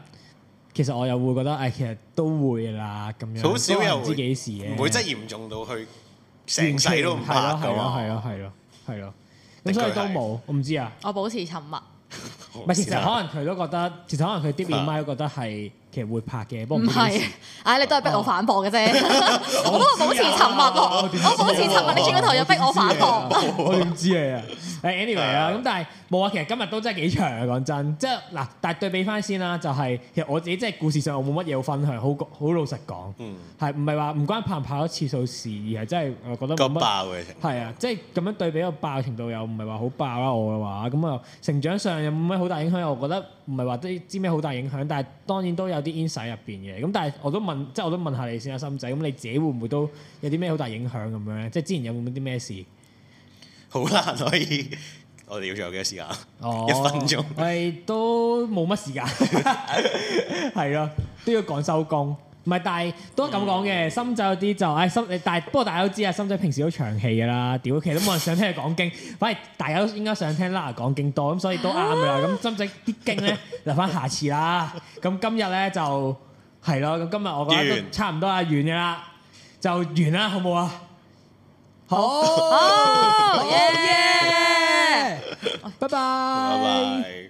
[SPEAKER 1] 其實我又會覺得誒、哎，其實都會啦咁樣，好少又唔知幾時嘅，唔會真係嚴
[SPEAKER 2] 重到去成世都唔拍嘅喎，係咯，係咯，係咯，
[SPEAKER 1] 係咯。啊啊 咁所以都冇，是的 我唔知啊。
[SPEAKER 3] 我保持沉默。
[SPEAKER 1] 唔係，其實可能佢都覺得，其實可能佢 deep in mind 都覺得係。其實會拍嘅，不過唔
[SPEAKER 3] 係，哎，你都係逼我反駁嘅啫。哦、 我都話保持沉默，我保持沉默。你轉個頭又逼我反駁。
[SPEAKER 1] 我唔知你啊。Anyway 啦。咁但係冇啊。其實今日都真係幾長啊。講真，即係嗱，但係對比翻先啦。就係其實我自己即係故事上我冇乜嘢好分享。好，好老實講，嗯，係唔係話唔關拍唔拍多次數事，而係真係我覺得咁爆嘅程度。係啊，即係咁樣對比個爆程度又唔係話好爆啦。我嘅話咁啊，成長上又冇乜好大影響。我覺得。唔係話啲知咩好大影響，但係當然都有啲 insight 入邊嘅。咁但係我都問，即係我都問下你先阿心仔，咁你自己會唔會都有啲咩好大影響咁樣咧？即係之前有冇啲咩事？
[SPEAKER 2] 好難，所以 我哋要仲有幾多時間、哦、一分鐘，
[SPEAKER 1] 我哋都冇乜時間，係 咯， 都要趕收工。唔係，但係都咁講嘅。深仔、嗯、有啲就，唉，深但係不過大家都知啊，深仔平時都長氣㗎啦。屌，其實都冇人想聽佢講經，反而大家都應該想聽 Lala 講經多，咁所以都啱嘅啦。咁深仔啲經咧，留翻下次啦。咁今日咧就係咯。咁今日我覺得都差唔多啦，完嘅啦，就完啦，好唔好啊？好，耶耶完，拜拜、哦，拜拜。